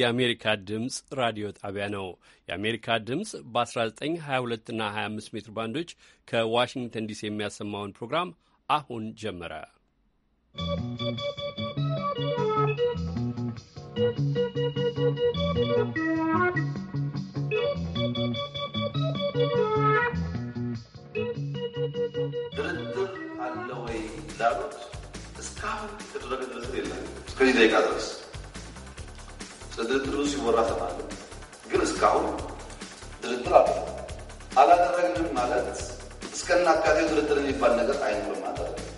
የአሜሪካ ድምፅ ራዲዮ ጣቢያ ነው። የአሜሪካ ድምፅ በ1922 እና 25 ሜትር ባንዶች ከዋሽንግተን ዲሲ የሚያሰማውን ፕሮግራም አሁን ጀመረ። ድርድር አለ ወይ ላሉት እስካሁን የተደረገ ድርድር የለም እስከዚህ ደቂቃ ድረስ ለድርድሩ ሲወራ ሰማለ። ግን እስካሁን ድርድር አለ አላደረግንም ማለት እስከናካቴው ድርድር የሚባል ነገር አይኖርም ማለት ነው።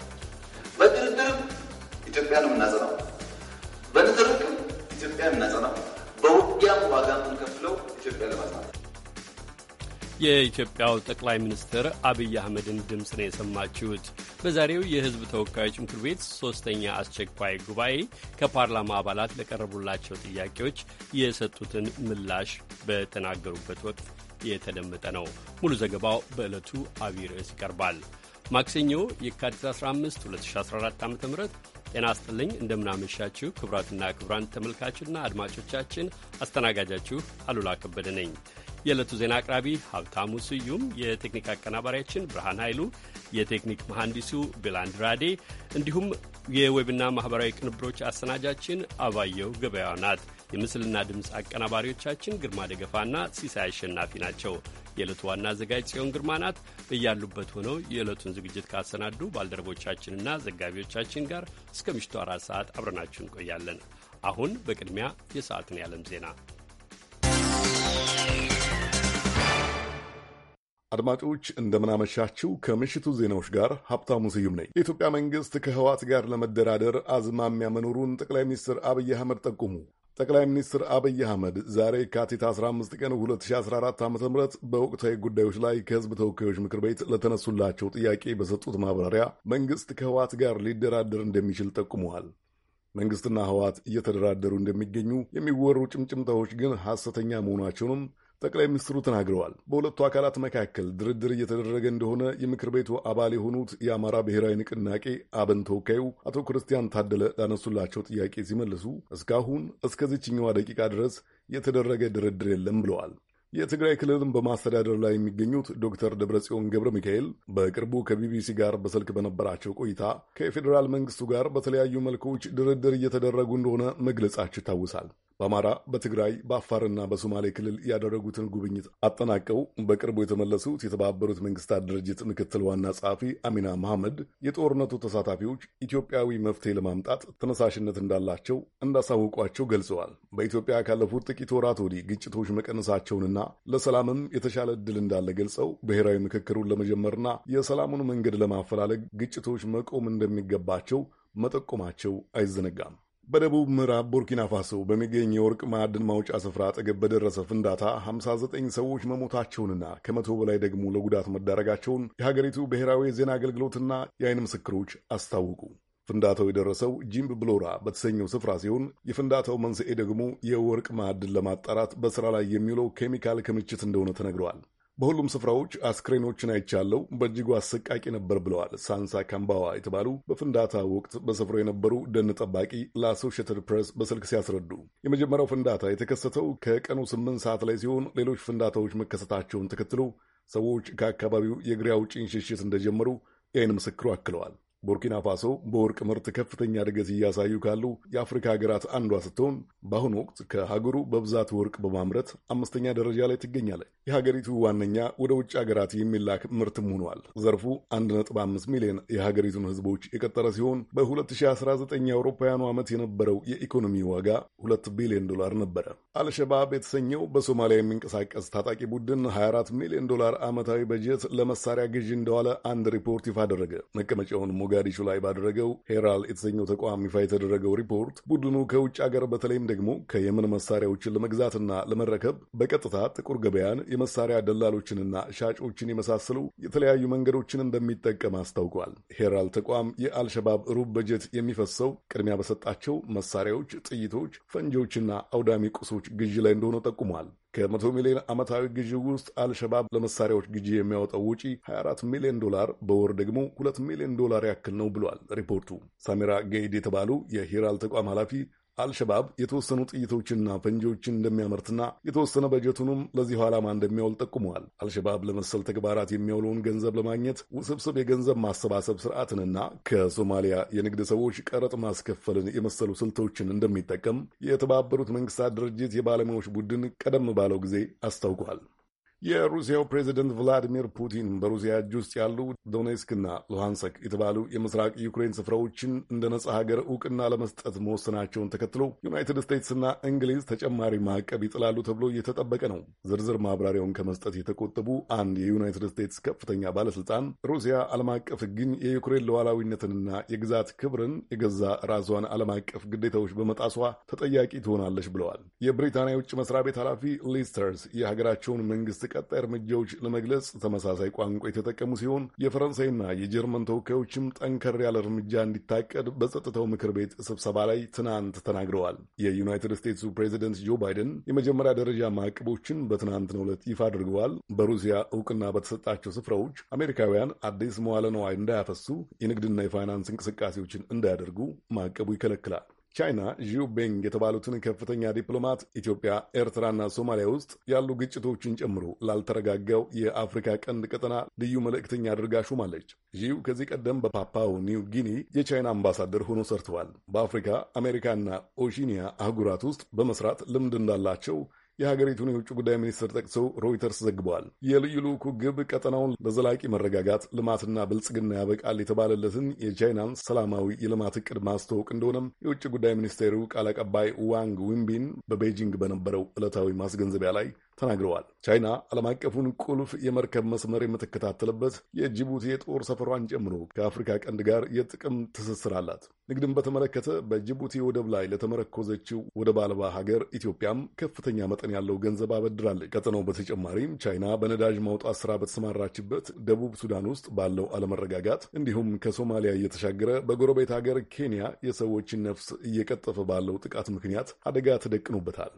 በድርድር ኢትዮጵያን የምናጸናው በንትርክም ኢትዮጵያ የምናጸናው በውጊያም ዋጋ የምንከፍለው ኢትዮጵያ ለማጽናት የኢትዮጵያው ጠቅላይ ሚኒስትር አብይ አህመድን ድምፅ ነው የሰማችሁት። በዛሬው የህዝብ ተወካዮች ምክር ቤት ሶስተኛ አስቸኳይ ጉባኤ ከፓርላማ አባላት ለቀረቡላቸው ጥያቄዎች የሰጡትን ምላሽ በተናገሩበት ወቅት የተደመጠ ነው። ሙሉ ዘገባው በዕለቱ አብይ ርዕስ ይቀርባል። ማክሰኞ የካቲት 15 2014 ዓ ም ጤና ይስጥልኝ። እንደምናመሻችሁ ክቡራትና ክቡራን ተመልካችና አድማጮቻችን አስተናጋጃችሁ አሉላ ከበደ ነኝ። የዕለቱ ዜና አቅራቢ ሀብታሙ ስዩም፣ የቴክኒክ አቀናባሪያችን ብርሃን ኃይሉ፣ የቴክኒክ መሐንዲሱ ቢላንድራዴ እንዲሁም የዌብና ማኅበራዊ ቅንብሮች አሰናጃችን አባየው ገበያው ናት። የምስልና ድምፅ አቀናባሪዎቻችን ግርማ ደገፋና ሲሳይ አሸናፊ ናቸው። የዕለቱ ዋና አዘጋጅ ጽዮን ግርማ ናት። እያሉበት ሆነው የዕለቱን ዝግጅት ካሰናዱ ባልደረቦቻችንና ዘጋቢዎቻችን ጋር እስከ ምሽቱ አራት ሰዓት አብረናችሁ እንቆያለን። አሁን በቅድሚያ የሰዓትን የዓለም ዜና አድማጮች እንደምናመሻችው ከምሽቱ ዜናዎች ጋር ሀብታሙ ስዩም ነኝ። የኢትዮጵያ መንግስት ከህዋት ጋር ለመደራደር አዝማሚያ መኖሩን ጠቅላይ ሚኒስትር አብይ አህመድ ጠቁሙ። ጠቅላይ ሚኒስትር አብይ አህመድ ዛሬ የካቲት 15 ቀን 2014 ዓ ም በወቅታዊ ጉዳዮች ላይ ከህዝብ ተወካዮች ምክር ቤት ለተነሱላቸው ጥያቄ በሰጡት ማብራሪያ መንግስት ከህዋት ጋር ሊደራደር እንደሚችል ጠቁመዋል። መንግስትና ህዋት እየተደራደሩ እንደሚገኙ የሚወሩ ጭምጭምታዎች ግን ሐሰተኛ መሆናቸውንም ጠቅላይ ሚኒስትሩ ተናግረዋል። በሁለቱ አካላት መካከል ድርድር እየተደረገ እንደሆነ የምክር ቤቱ አባል የሆኑት የአማራ ብሔራዊ ንቅናቄ አብን ተወካዩ አቶ ክርስቲያን ታደለ ላነሱላቸው ጥያቄ ሲመልሱ እስካሁን እስከዚችኛዋ ደቂቃ ድረስ የተደረገ ድርድር የለም ብለዋል። የትግራይ ክልልን በማስተዳደር ላይ የሚገኙት ዶክተር ደብረጽዮን ገብረ ሚካኤል በቅርቡ ከቢቢሲ ጋር በስልክ በነበራቸው ቆይታ ከፌዴራል መንግስቱ ጋር በተለያዩ መልኮች ድርድር እየተደረጉ እንደሆነ መግለጻቸው ይታወሳል። በአማራ በትግራይ በአፋርና በሶማሌ ክልል ያደረጉትን ጉብኝት አጠናቀው በቅርቡ የተመለሱት የተባበሩት መንግስታት ድርጅት ምክትል ዋና ጸሐፊ አሚና መሐመድ የጦርነቱ ተሳታፊዎች ኢትዮጵያዊ መፍትሄ ለማምጣት ተነሳሽነት እንዳላቸው እንዳሳውቋቸው ገልጸዋል። በኢትዮጵያ ካለፉት ጥቂት ወራት ወዲህ ግጭቶች መቀነሳቸውንና ለሰላምም የተሻለ እድል እንዳለ ገልጸው ብሔራዊ ምክክሩን ለመጀመርና የሰላሙን መንገድ ለማፈላለግ ግጭቶች መቆም እንደሚገባቸው መጠቆማቸው አይዘነጋም። በደቡብ ምዕራብ ቡርኪና ፋሶ በሚገኝ የወርቅ ማዕድን ማውጫ ስፍራ አጠገብ በደረሰ ፍንዳታ 59 ሰዎች መሞታቸውንና ከመቶ በላይ ደግሞ ለጉዳት መዳረጋቸውን የሀገሪቱ ብሔራዊ የዜና አገልግሎትና የአይን ምስክሮች አስታወቁ። ፍንዳታው የደረሰው ጂምብ ብሎራ በተሰኘው ስፍራ ሲሆን የፍንዳታው መንስኤ ደግሞ የወርቅ ማዕድን ለማጣራት በስራ ላይ የሚውለው ኬሚካል ክምችት እንደሆነ ተነግረዋል። በሁሉም ስፍራዎች አስክሬኖችን አይቻለው፣ በእጅጉ አሰቃቂ ነበር ብለዋል ሳንሳ ካምባዋ የተባሉ በፍንዳታ ወቅት በስፍራው የነበሩ ደን ጠባቂ ለአሶሽትድ ፕሬስ በስልክ ሲያስረዱ። የመጀመሪያው ፍንዳታ የተከሰተው ከቀኑ ስምንት ሰዓት ላይ ሲሆን ሌሎች ፍንዳታዎች መከሰታቸውን ተከትሎ ሰዎች ከአካባቢው የግሪያው ጭን ሽሽት እንደጀመሩ የአይን ምስክሩ አክለዋል። ቡርኪና ፋሶ በወርቅ ምርት ከፍተኛ እድገት እያሳዩ ካሉ የአፍሪካ ሀገራት አንዷ ስትሆን በአሁኑ ወቅት ከሀገሩ በብዛት ወርቅ በማምረት አምስተኛ ደረጃ ላይ ትገኛለች። የሀገሪቱ ዋነኛ ወደ ውጭ ሀገራት የሚላክ ምርትም ሆኗል። ዘርፉ 1.5 ሚሊዮን የሀገሪቱን ሕዝቦች የቀጠረ ሲሆን በ2019 የአውሮፓውያኑ ዓመት የነበረው የኢኮኖሚ ዋጋ 2 ቢሊዮን ዶላር ነበረ። አልሸባብ የተሰኘው በሶማሊያ የሚንቀሳቀስ ታጣቂ ቡድን 24 ሚሊዮን ዶላር ዓመታዊ በጀት ለመሳሪያ ግዢ እንደዋለ አንድ ሪፖርት ይፋ አደረገ። መቀመጫውን ሞጋዲሾ ላይ ባደረገው ሄራል የተሰኘው ተቋም ይፋ የተደረገው ሪፖርት ቡድኑ ከውጭ አገር በተለይም ደግሞ ከየመን መሳሪያዎችን ለመግዛትና ለመረከብ በቀጥታ ጥቁር ገበያን፣ የመሳሪያ ደላሎችንና ሻጮችን የመሳሰሉ የተለያዩ መንገዶችን እንደሚጠቀም አስታውቋል። ሄራል ተቋም የአልሸባብ ሩብ በጀት የሚፈሰው ቅድሚያ በሰጣቸው መሳሪያዎች፣ ጥይቶች፣ ፈንጂዎችና አውዳሚ ቁሶች ግዢ ላይ እንደሆነ ጠቁሟል። ከመቶ ሚሊዮን ዓመታዊ ግዢ ውስጥ አልሸባብ ለመሳሪያዎች ግዢ የሚያወጣው ውጪ 24 ሚሊዮን ዶላር፣ በወር ደግሞ 2 ሚሊዮን ዶላር ያክል ነው ብሏል ሪፖርቱ። ሳሚራ ገይድ የተባሉ የሂራል ተቋም ኃላፊ አልሸባብ የተወሰኑ ጥይቶችና ፈንጂዎችን እንደሚያመርትና የተወሰነ በጀቱንም ለዚሁ ዓላማ እንደሚያውል ጠቁመዋል። አልሸባብ ለመሰል ተግባራት የሚያውለውን ገንዘብ ለማግኘት ውስብስብ የገንዘብ ማሰባሰብ ስርዓትንና ከሶማሊያ የንግድ ሰዎች ቀረጥ ማስከፈልን የመሰሉ ስልቶችን እንደሚጠቀም የተባበሩት መንግስታት ድርጅት የባለሙያዎች ቡድን ቀደም ባለው ጊዜ አስታውቋል። የሩሲያው ፕሬዚደንት ቭላዲሚር ፑቲን በሩሲያ እጅ ውስጥ ያሉ ዶኔስክና ሉሃንሰክ የተባሉ የምስራቅ ዩክሬን ስፍራዎችን እንደ ነጻ ሀገር እውቅና ለመስጠት መወሰናቸውን ተከትሎ ዩናይትድ ስቴትስና እንግሊዝ ተጨማሪ ማዕቀብ ይጥላሉ ተብሎ እየተጠበቀ ነው። ዝርዝር ማብራሪያውን ከመስጠት የተቆጠቡ አንድ የዩናይትድ ስቴትስ ከፍተኛ ባለስልጣን ሩሲያ ዓለም አቀፍ ሕግን የዩክሬን ሉዓላዊነትንና የግዛት ክብርን የገዛ ራሷን ዓለም አቀፍ ግዴታዎች በመጣሷ ተጠያቂ ትሆናለች ብለዋል። የብሪታንያ የውጭ መስሪያ ቤት ኃላፊ ሊስተርስ የሀገራቸውን መንግስት ቀጣይ እርምጃዎች ለመግለጽ ተመሳሳይ ቋንቋ የተጠቀሙ ሲሆን የፈረንሳይና የጀርመን ተወካዮችም ጠንከር ያለ እርምጃ እንዲታቀድ በጸጥታው ምክር ቤት ስብሰባ ላይ ትናንት ተናግረዋል። የዩናይትድ ስቴትሱ ፕሬዚደንት ጆ ባይደን የመጀመሪያ ደረጃ ማዕቀቦችን በትናንትናው ዕለት ይፋ አድርገዋል። በሩሲያ እውቅና በተሰጣቸው ስፍራዎች አሜሪካውያን አዲስ መዋለ እንዳያፈሱ፣ የንግድና የፋይናንስ እንቅስቃሴዎችን እንዳያደርጉ ማዕቀቡ ይከለክላል። ቻይና ዢው ቤንግ የተባሉትን ከፍተኛ ዲፕሎማት ኢትዮጵያ፣ ኤርትራና ሶማሊያ ውስጥ ያሉ ግጭቶችን ጨምሮ ላልተረጋጋው የአፍሪካ ቀንድ ቀጠና ልዩ መልእክተኛ አድርጋ ሹማለች። ዢው ከዚህ ቀደም በፓፓው ኒው ጊኒ የቻይና አምባሳደር ሆኖ ሰርተዋል። በአፍሪካ አሜሪካና ኦሺኒያ አህጉራት ውስጥ በመስራት ልምድ እንዳላቸው የሀገሪቱን የውጭ ጉዳይ ሚኒስትር ጠቅሰው ሮይተርስ ዘግበዋል። የልዩ ልዑኩ ግብ ቀጠናውን ለዘላቂ መረጋጋት፣ ልማትና ብልጽግና ያበቃል የተባለለትን የቻይናን ሰላማዊ የልማት እቅድ ማስተዋወቅ እንደሆነም የውጭ ጉዳይ ሚኒስቴሩ ቃል አቀባይ ዋንግ ዊምቢን በቤጂንግ በነበረው ዕለታዊ ማስገንዘቢያ ላይ ተናግረዋል። ቻይና ዓለም አቀፉን ቁልፍ የመርከብ መስመር የምትከታተልበት የጅቡቲ የጦር ሰፈሯን ጨምሮ ከአፍሪካ ቀንድ ጋር የጥቅም ትስስር አላት። ንግድን በተመለከተ በጅቡቲ ወደብ ላይ ለተመረኮዘችው ወደብ አልባ ሀገር ኢትዮጵያም ከፍተኛ መጠን ያለው ገንዘብ አበድራለች። ቀጠናው በተጨማሪም ቻይና በነዳጅ ማውጣት ስራ በተሰማራችበት ደቡብ ሱዳን ውስጥ ባለው አለመረጋጋት እንዲሁም ከሶማሊያ እየተሻገረ በጎረቤት ሀገር ኬንያ የሰዎችን ነፍስ እየቀጠፈ ባለው ጥቃት ምክንያት አደጋ ተደቅኖበታል።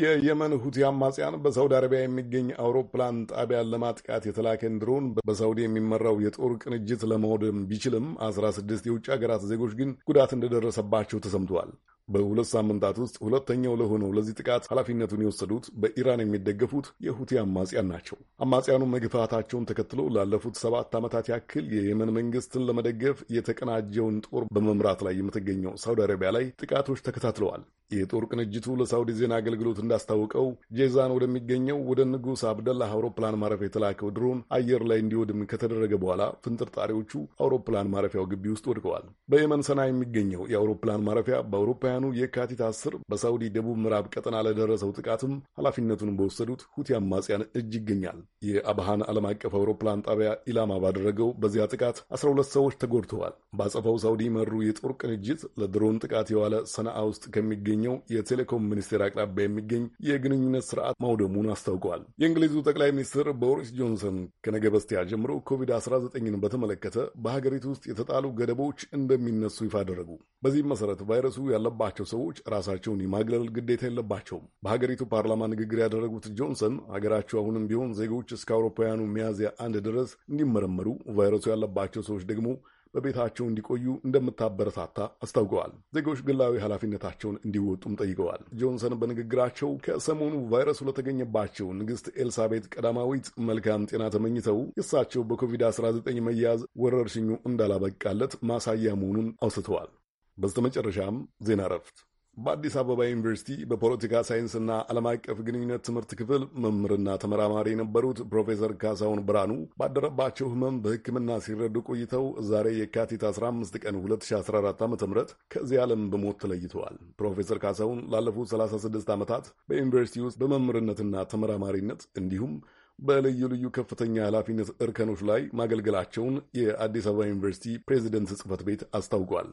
የየመን ሁቲ አማጽያን በሳውዲ አረቢያ የሚገኝ አውሮፕላን ጣቢያን ለማጥቃት የተላከን ድሮን በሳውዲ የሚመራው የጦር ቅንጅት ለማውደም ቢችልም 16 የውጭ ሀገራት ዜጎች ግን ጉዳት እንደደረሰባቸው ተሰምተዋል። በሁለት ሳምንታት ውስጥ ሁለተኛው ለሆነው ለዚህ ጥቃት ኃላፊነቱን የወሰዱት በኢራን የሚደገፉት የሁቲ አማጽያን ናቸው። አማጽያኑ መግፋታቸውን ተከትሎ ላለፉት ሰባት ዓመታት ያክል የየመን መንግስትን ለመደገፍ የተቀናጀውን ጦር በመምራት ላይ የምትገኘው ሳውዲ አረቢያ ላይ ጥቃቶች ተከታትለዋል። የጦር ቅንጅቱ ለሳውዲ ዜና አገልግሎት እንዳስታወቀው ጄዛን ወደሚገኘው ወደ ንጉሥ አብደላህ አውሮፕላን ማረፊያ የተላከው ድሮን አየር ላይ እንዲወድም ከተደረገ በኋላ ፍንጥርጣሪዎቹ አውሮፕላን ማረፊያው ግቢ ውስጥ ወድቀዋል። በየመን ሰና የሚገኘው የአውሮፕላን ማረፊያ በአውሮፓውያኑ የካቲት አስር በሳውዲ ደቡብ ምዕራብ ቀጠና ለደረሰው ጥቃትም ኃላፊነቱን በወሰዱት ሁቲ አማጽያን እጅ ይገኛል። የአብሃን ዓለም አቀፍ አውሮፕላን ጣቢያ ኢላማ ባደረገው በዚያ ጥቃት 12 ሰዎች ተጎድተዋል። ባጸፋው ሳውዲ መሩ የጦር ቅንጅት ለድሮን ጥቃት የዋለ ሰናአ ውስጥ ከሚገኝ በሚገኘው የቴሌኮም ሚኒስቴር አቅራቢያ የሚገኝ የግንኙነት ስርዓት ማውደሙን አስታውቀዋል። የእንግሊዙ ጠቅላይ ሚኒስትር ቦሪስ ጆንሰን ከነገ በስቲያ ጀምሮ ኮቪድ-19ን በተመለከተ በሀገሪቱ ውስጥ የተጣሉ ገደቦች እንደሚነሱ ይፋ አደረጉ። በዚህም መሰረት ቫይረሱ ያለባቸው ሰዎች ራሳቸውን የማግለል ግዴታ የለባቸውም። በሀገሪቱ ፓርላማ ንግግር ያደረጉት ጆንሰን ሀገራቸው አሁንም ቢሆን ዜጎች እስከ አውሮፓውያኑ ሚያዝያ አንድ ድረስ እንዲመረመሩ፣ ቫይረሱ ያለባቸው ሰዎች ደግሞ በቤታቸው እንዲቆዩ እንደምታበረታታ አስታውቀዋል። ዜጎች ግላዊ ኃላፊነታቸውን እንዲወጡም ጠይቀዋል። ጆንሰን በንግግራቸው ከሰሞኑ ቫይረሱ ለተገኘባቸው ንግሥት ኤልሳቤት ቀዳማዊት መልካም ጤና ተመኝተው የእሳቸው በኮቪድ-19 መያዝ ወረርሽኙ እንዳላበቃለት ማሳያ መሆኑን አውስተዋል። በስተመጨረሻም ዜና እረፍት በአዲስ አበባ ዩኒቨርሲቲ በፖለቲካ ሳይንስና ዓለም አቀፍ ግንኙነት ትምህርት ክፍል መምህርና ተመራማሪ የነበሩት ፕሮፌሰር ካሳሁን ብርሃኑ ባደረባቸው ሕመም በሕክምና ሲረዱ ቆይተው ዛሬ የካቲት 15 ቀን 2014 ዓ ም ከዚህ ዓለም በሞት ተለይተዋል። ፕሮፌሰር ካሳሁን ላለፉት 36 ዓመታት በዩኒቨርሲቲ ውስጥ በመምህርነትና ተመራማሪነት እንዲሁም በልዩ ልዩ ከፍተኛ ኃላፊነት እርከኖች ላይ ማገልገላቸውን የአዲስ አበባ ዩኒቨርሲቲ ፕሬዚደንት ጽህፈት ቤት አስታውቋል።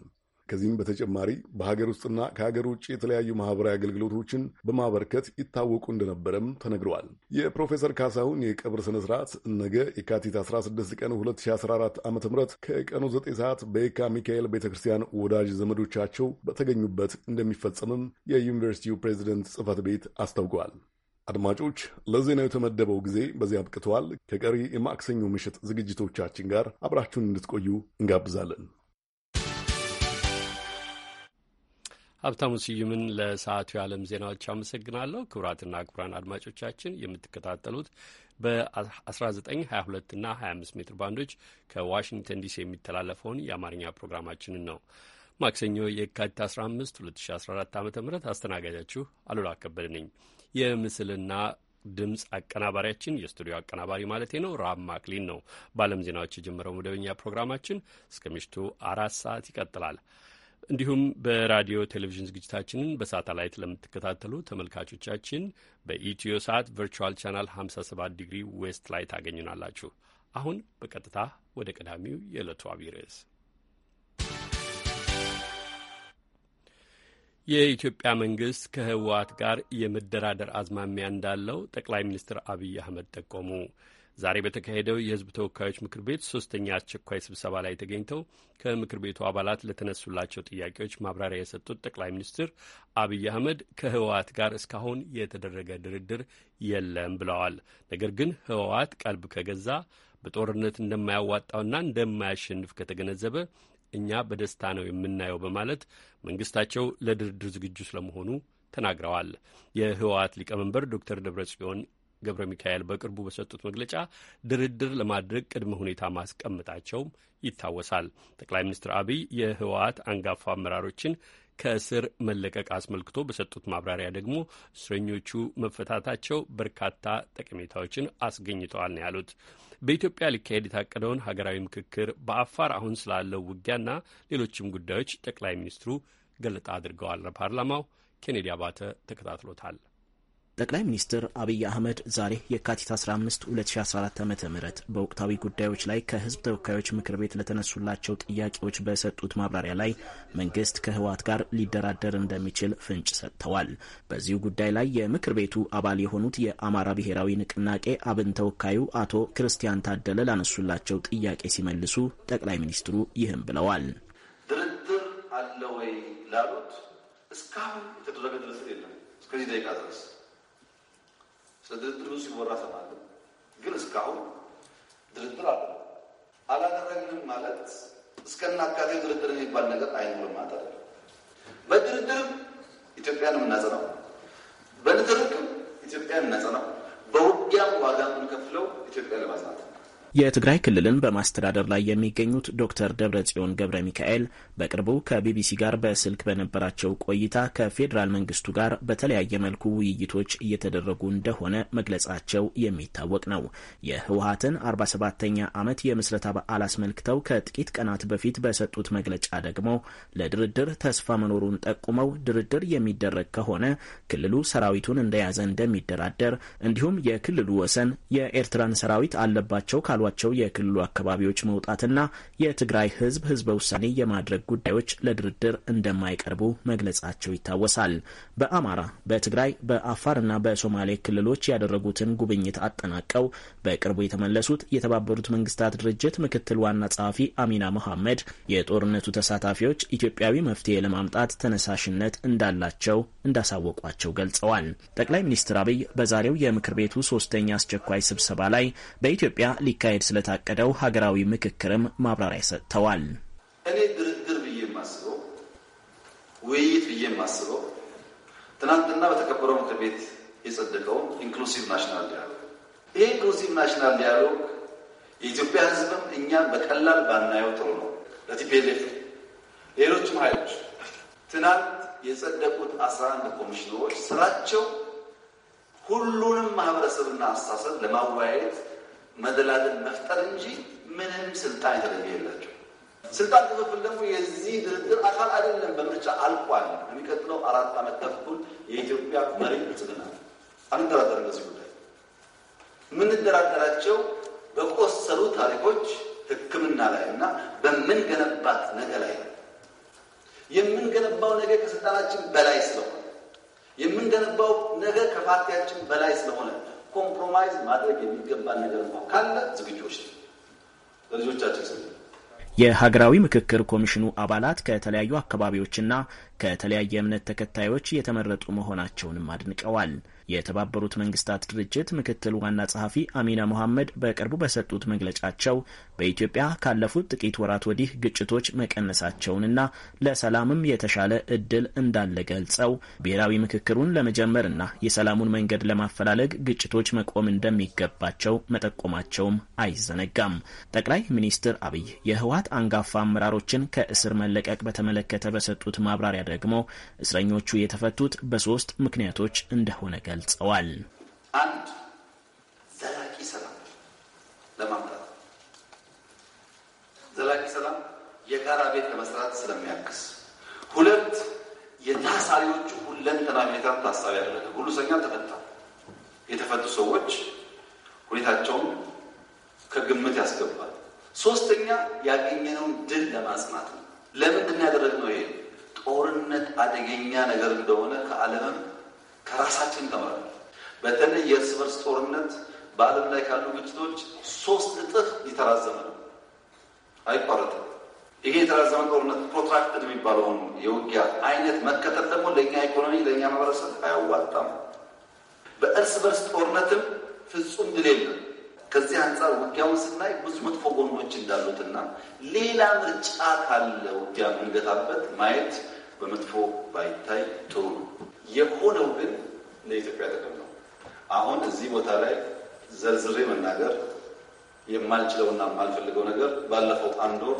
ከዚህም በተጨማሪ በሀገር ውስጥና ከሀገር ውጭ የተለያዩ ማህበራዊ አገልግሎቶችን በማበርከት ይታወቁ እንደነበረም ተነግረዋል። የፕሮፌሰር ካሳሁን የቀብር ስነ ስርዓት ነገ የካቲት 16 ቀን 2014 ዓ ም ከቀኑ 9 ሰዓት በየካ ሚካኤል ቤተ ክርስቲያን ወዳጅ ዘመዶቻቸው በተገኙበት እንደሚፈጸምም የዩኒቨርሲቲው ፕሬዚደንት ጽህፈት ቤት አስታውቀዋል። አድማጮች፣ ለዜናው የተመደበው ጊዜ በዚህ አብቅተዋል። ከቀሪ የማክሰኞ ምሽት ዝግጅቶቻችን ጋር አብራችሁን እንድትቆዩ እንጋብዛለን። ሀብታሙ ስዩምን ለሰዓቱ የዓለም ዜናዎች አመሰግናለሁ። ክቡራትና ክቡራን አድማጮቻችን የምትከታተሉት በ1922 እና 25 ሜትር ባንዶች ከዋሽንግተን ዲሲ የሚተላለፈውን የአማርኛ ፕሮግራማችንን ነው። ማክሰኞ የካቲት 15 2014 ዓ ም አስተናጋጃችሁ አሉላ ከበደ ነኝ። የምስልና ድምፅ አቀናባሪያችን የስቱዲዮ አቀናባሪ ማለቴ ነው ራብ ማክሊን ነው። በዓለም ዜናዎች የጀመረው መደበኛ ፕሮግራማችን እስከ ምሽቱ አራት ሰዓት ይቀጥላል። እንዲሁም በራዲዮ ቴሌቪዥን ዝግጅታችንን በሳተላይት ለምትከታተሉ ተመልካቾቻችን በኢትዮ ሰዓት ቨርቹዋል ቻናል 57 ዲግሪ ዌስት ላይ ታገኙናላችሁ። አሁን በቀጥታ ወደ ቀዳሚው የዕለቱ አብይ ርዕስ የኢትዮጵያ መንግስት ከህወሓት ጋር የመደራደር አዝማሚያ እንዳለው ጠቅላይ ሚኒስትር አብይ አህመድ ጠቆሙ። ዛሬ በተካሄደው የህዝብ ተወካዮች ምክር ቤት ሶስተኛ አስቸኳይ ስብሰባ ላይ ተገኝተው ከምክር ቤቱ አባላት ለተነሱላቸው ጥያቄዎች ማብራሪያ የሰጡት ጠቅላይ ሚኒስትር አብይ አህመድ ከህወሓት ጋር እስካሁን የተደረገ ድርድር የለም ብለዋል። ነገር ግን ህወሓት ቀልብ ከገዛ በጦርነት እንደማያዋጣውና እንደማያሸንፍ ከተገነዘበ እኛ በደስታ ነው የምናየው በማለት መንግስታቸው ለድርድር ዝግጁ ስለመሆኑ ተናግረዋል። የህወሓት ሊቀመንበር ዶክተር ደብረ ጽዮን ገብረ ሚካኤል በቅርቡ በሰጡት መግለጫ ድርድር ለማድረግ ቅድመ ሁኔታ ማስቀመጣቸውም ይታወሳል። ጠቅላይ ሚኒስትር አብይ የህወሓት አንጋፋ አመራሮችን ከእስር መለቀቅ አስመልክቶ በሰጡት ማብራሪያ ደግሞ እስረኞቹ መፈታታቸው በርካታ ጠቀሜታዎችን አስገኝተዋል ነው ያሉት። በኢትዮጵያ ሊካሄድ የታቀደውን ሀገራዊ ምክክር፣ በአፋር አሁን ስላለው ውጊያና ሌሎችም ጉዳዮች ጠቅላይ ሚኒስትሩ ገለጣ አድርገዋል። ለፓርላማው ኬኔዲ አባተ ተከታትሎታል። ጠቅላይ ሚኒስትር አብይ አህመድ ዛሬ የካቲት 15 2014 ዓ ም በወቅታዊ ጉዳዮች ላይ ከህዝብ ተወካዮች ምክር ቤት ለተነሱላቸው ጥያቄዎች በሰጡት ማብራሪያ ላይ መንግስት ከህወሓት ጋር ሊደራደር እንደሚችል ፍንጭ ሰጥተዋል። በዚሁ ጉዳይ ላይ የምክር ቤቱ አባል የሆኑት የአማራ ብሔራዊ ንቅናቄ አብን ተወካዩ አቶ ክርስቲያን ታደለ ላነሱላቸው ጥያቄ ሲመልሱ ጠቅላይ ሚኒስትሩ ይህም ብለዋል። ድርድር አለ ወይ ላሉት እስካሁን የተደረገ ድርድር የለም እስከዚህ ደቂቃ ድረስ ስለ ድርድር ሲወራ ሰማለሁ፣ ግን እስካሁን ድርድር አለ አላደረግንም ማለት እስከናካቴው ድርድር የሚባል ነገር አይኖርም ማለት ነው። በድርድርም ኢትዮጵያን የምናጸናው በንትርክም ኢትዮጵያን እናጸናው በውጊያም ዋጋ የምንከፍለው ኢትዮጵያ ለማጽናት የትግራይ ክልልን በማስተዳደር ላይ የሚገኙት ዶክተር ደብረጽዮን ገብረ ሚካኤል በቅርቡ ከቢቢሲ ጋር በስልክ በነበራቸው ቆይታ ከፌዴራል መንግስቱ ጋር በተለያየ መልኩ ውይይቶች እየተደረጉ እንደሆነ መግለጻቸው የሚታወቅ ነው። የህወሀትን 47ኛ ዓመት የምስረታ በዓል አስመልክተው ከጥቂት ቀናት በፊት በሰጡት መግለጫ ደግሞ ለድርድር ተስፋ መኖሩን ጠቁመው ድርድር የሚደረግ ከሆነ ክልሉ ሰራዊቱን እንደያዘ እንደሚደራደር እንዲሁም የክልሉ ወሰን የኤርትራን ሰራዊት አለባቸው ካሉ ካሏቸው የክልሉ አካባቢዎች መውጣትና የትግራይ ህዝብ ህዝበ ውሳኔ የማድረግ ጉዳዮች ለድርድር እንደማይቀርቡ መግለጻቸው ይታወሳል። በአማራ፣ በትግራይ፣ በአፋርና በሶማሌ ክልሎች ያደረጉትን ጉብኝት አጠናቀው በቅርቡ የተመለሱት የተባበሩት መንግስታት ድርጅት ምክትል ዋና ጸሐፊ አሚና መሐመድ የጦርነቱ ተሳታፊዎች ኢትዮጵያዊ መፍትሄ ለማምጣት ተነሳሽነት እንዳላቸው እንዳሳወቋቸው ገልጸዋል። ጠቅላይ ሚኒስትር አብይ በዛሬው የምክር ቤቱ ሶስተኛ አስቸኳይ ስብሰባ ላይ በኢትዮጵያ ሊካሄድ ሊካሄድ ስለታቀደው ሀገራዊ ምክክርም ማብራሪያ ሰጥተዋል። እኔ ድርድር ብዬ የማስበው ውይይት ብዬ የማስበው ትናንትና በተከበረው ምክር ቤት የጸደቀው ኢንክሉሲቭ ናሽናል ዲያሎግ ይህ ኢንክሉሲቭ ናሽናል ዲያሎግ የኢትዮጵያ ሕዝብም እኛም በቀላል ባናየው ጥሩ ነው። ለቲፒኤልኤፍ ሌሎችም ኃይሎች ትናንት የጸደቁት አስራ አንድ ኮሚሽነሮች ስራቸው ሁሉንም ማህበረሰብና አስተሳሰብ ለማወያየት መደላደል መፍጠር እንጂ ምንም ስልጣን የተለየ የላቸው። ስልጣን ክፍፍል ደግሞ የዚህ ድርድር አካል አይደለም። በምርጫ አልቋል። የሚቀጥለው አራት ዓመት ተኩል የኢትዮጵያ መሪ ብልጽግና አንደራደር። በዚህ ጉዳይ የምንደራደራቸው በቆሰሉ ታሪኮች ሕክምና ላይ እና በምንገነባት ነገ ላይ የምንገነባው ነገ ከስልጣናችን በላይ ስለሆነ የምንገነባው ነገ ከፓርቲያችን በላይ ስለሆነ ኮምፕሮማይዝ ማድረግ የሚገባን ነገር እንኳ ካለ ዝግጆች ለልጆቻችን ስ የሀገራዊ ምክክር ኮሚሽኑ አባላት ከተለያዩ አካባቢዎችና ከተለያየ እምነት ተከታዮች የተመረጡ መሆናቸውንም አድንቀዋል። የተባበሩት መንግስታት ድርጅት ምክትል ዋና ጸሐፊ አሚና ሙሐመድ በቅርቡ በሰጡት መግለጫቸው በኢትዮጵያ ካለፉት ጥቂት ወራት ወዲህ ግጭቶች መቀነሳቸውንና ለሰላምም የተሻለ እድል እንዳለ ገልጸው ብሔራዊ ምክክሩን ለመጀመርና የሰላሙን መንገድ ለማፈላለግ ግጭቶች መቆም እንደሚገባቸው መጠቆማቸውም አይዘነጋም። ጠቅላይ ሚኒስትር አብይ የህወሀት አንጋፋ አመራሮችን ከእስር መለቀቅ በተመለከተ በሰጡት ማብራሪያ ደግሞ እስረኞቹ የተፈቱት በሶስት ምክንያቶች እንደሆነ ገልጸዋል። አንድ ዘላቂ ሰላም ለማምጣት ዘላቂ ሰላም የጋራ ቤት ለመስራት ስለሚያግዝ፣ ሁለት የታሳሪዎቹ ሁለንተና ሁኔታ ታሳቢ ያደረገ ሁሉ ሰኛ ተፈታ። የተፈቱ ሰዎች ሁኔታቸውን ከግምት ያስገባል። ሶስተኛ ያገኘነውን ድል ለማጽናት ነው። ለምንድን ያደረግነው ይሄ ጦርነት አደገኛ ነገር እንደሆነ ከዓለምም ከራሳችን ተምረናል። በተለይ የእርስ በርስ ጦርነት በዓለም ላይ ካሉ ግጭቶች ሶስት እጥፍ የተራዘመ ነው፣ አይቋረጥም። ይሄ የተራዘመ ጦርነት ፕሮትራክትድ የሚባለውን የውጊያ አይነት መከተል ደግሞ ለእኛ ኢኮኖሚ፣ ለእኛ ማህበረሰብ አያዋጣም። በእርስ በርስ ጦርነትም ፍጹም ድል የለም። ከዚህ አንጻር ውጊያውን ስናይ ብዙ መጥፎ ጎኖች እንዳሉትና ሌላ ምርጫ ካለ ውጊያ ምንገታበት ማየት በመጥፎ ባይታይ ጥሩ ነው። የሆነው ግን ለኢትዮጵያ ጥቅም ነው። አሁን እዚህ ቦታ ላይ ዘርዝሬ መናገር የማልችለውና የማልፈልገው ነገር ባለፈው አንድ ወር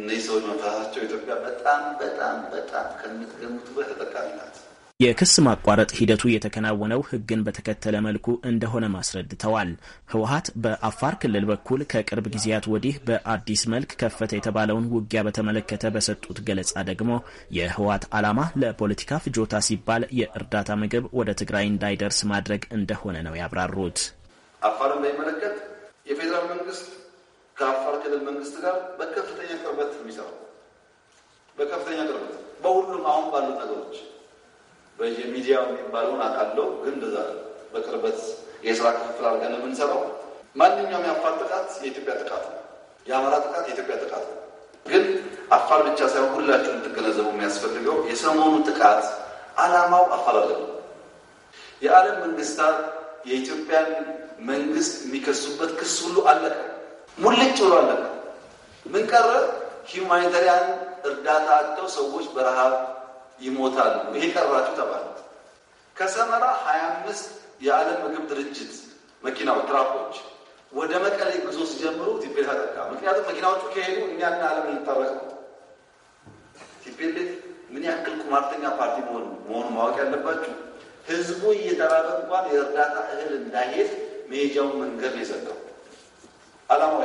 እነዚህ ሰዎች መፍራታቸው ኢትዮጵያ በጣም በጣም በጣም ከምትገምቱ በተጠቃሚ ናት። የክስ ማቋረጥ ሂደቱ የተከናወነው ህግን በተከተለ መልኩ እንደሆነ ማስረድተዋል። ህወሀት በአፋር ክልል በኩል ከቅርብ ጊዜያት ወዲህ በአዲስ መልክ ከፈተ የተባለውን ውጊያ በተመለከተ በሰጡት ገለጻ ደግሞ የህወሀት ዓላማ ለፖለቲካ ፍጆታ ሲባል የእርዳታ ምግብ ወደ ትግራይ እንዳይደርስ ማድረግ እንደሆነ ነው ያብራሩት። አፋርን በሚመለከት የፌዴራል መንግስት ከአፋር ክልል መንግስት ጋር በከፍተኛ ቅርበት የሚሰራው በከፍተኛ ቅርበት በሁሉም አሁን ባሉት ነገሮች በየሚዲያው የሚባለውን አውቃለሁ፣ ግን በዛ በቅርበት የስራ ክፍል አድርገን የምንሰራው ማንኛውም የአፋር ጥቃት የኢትዮጵያ ጥቃት ነው። የአማራ ጥቃት የኢትዮጵያ ጥቃት ነው። ግን አፋር ብቻ ሳይሆን ሁላችሁም ትገነዘቡ የሚያስፈልገው የሰሞኑ ጥቃት አላማው አፋር አይደለም። የዓለም መንግስታት የኢትዮጵያን መንግስት የሚከሱበት ክስ ሁሉ አለቀ፣ ሙልጭ ብሎ አለቀ። ምን ቀረ? ሂውማኒታሪያን እርዳታ አጥተው ሰዎች በረሃብ ይሞታሉ። ይሄ ቀራችሁ ተባለ። ከሰመራ 25 የዓለም ምግብ ድርጅት መኪናው ትራኮች ወደ መቀሌ ጉዞ ሲጀምሩ ቲፔል ተጠቃ። ምክንያቱም መኪናዎቹ ከሄዱ እኛና ዓለም ልንታረቅ ነው። ቲፔል ምን ያክል ቁማርተኛ ፓርቲ መሆኑ ማወቅ ያለባችሁ ህዝቡ እየተራበ እንኳን የእርዳታ እህል እንዳይሄድ መሄጃውን መንገድ የዘጋው። አላማው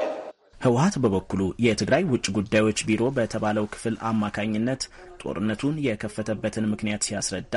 ህወሀት በበኩሉ የትግራይ ውጭ ጉዳዮች ቢሮ በተባለው ክፍል አማካኝነት ጦርነቱን የከፈተበትን ምክንያት ሲያስረዳ